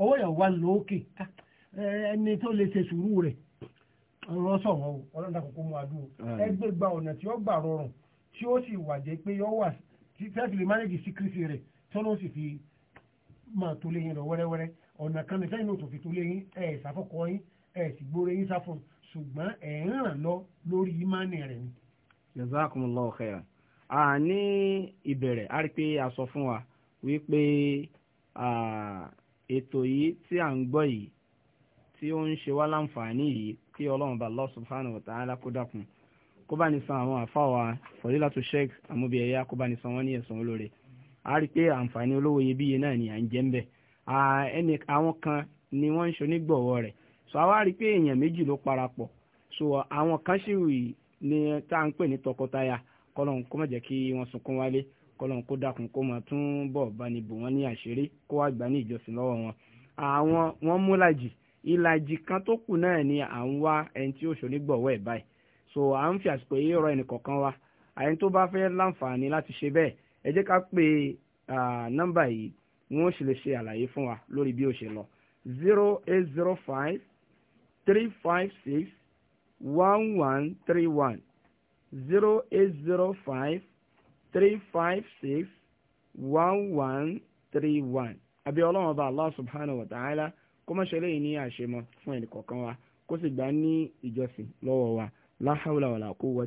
ọwọ́ yẹn wà lókè ẹni tó lè ṣe sùúrù rẹ̀ ọ̀rọ̀ sọ̀rọ̀ o ọlọ́dà kókó mu adúrò ẹgbẹ́ gba ọ̀nà tí ó gbà rọrùn tí ó sì wà jẹ́ pé yọ wà tẹ́sí lè mánéjì síkírìsì rẹ̀ tọ́nà sì fi máa tó léyìn lọ wẹ́rẹ́wẹ́rẹ́ ọ̀nà kan nìkan ìnú òtòfin tó léyìn ẹ̀ ṣàfọ́kọ́ yín ẹ̀ sì gbóre yín sáfún ṣùgbọ́n ẹ̀ ń ràn lọ lórí ìmánì rẹ̀ ni. jazakumullahu khairan a ní ìbẹ̀rẹ̀ a rí pé a sọ fún wa wípé ètò yìí tí à ń gbọ́ yìí tí ó ń ṣe wá láǹfààní yìí kí ọlọ́run bá Allah subhanahu wa ta'ala kó dákun kó bá ní san àwọn àfa wa fadilatu sheikh amúbíyẹyà kó bá ní san wọn ní ẹ̀san olóore a rí i pé àǹfààní olówó iyebíye náà ni à ń jẹ́ ń bẹ̀ ẹni àwọn kan ni wọ́n ń ṣonígbọ̀wọ́ rẹ̀ so àwa rí i pé èèyàn méjì ló parapọ̀ so àwọn kan sì wì ní tá à ń pè ní tọkọtaya kọ́lọ́n kó má jẹ́ kí wọ́n sunkún wálé kọ́lọ́n kó dákun kó máa tún bọ̀ bá ní bò wọ́n ní àṣírí kó wá gbà ní ìjọsìn lọ́wọ́ wọn. àwọn wọn mú làjì ìlàjì kan tó kù náà ni à ń wá ẹni tí ó ṣòní gbọ̀wọ́ ẹ̀ báyìí so à ń fi àsìkò yìí rọ ẹnì kọ̀ọ̀kan wa àyẹn tó bá fẹ́ láǹfààní láti ṣe bẹ́ẹ̀ ẹ jẹ́ ká pé nọ́mbà yìí wọ́n sì lè ṣe àlàyé fún wa lórí bí ó ṣe lọ zero eight zero five three five six one one three one zero eight zero five three five six one one three one àbí ọlọ́run ọba allah subhanahu wa ta'ala kó má ṣe léyìn ní àṣemọ fún ẹnì kọ̀ọ̀kan wa kó sì gbà ní ìjọsìn lọ́wọ́ wa la hawla wala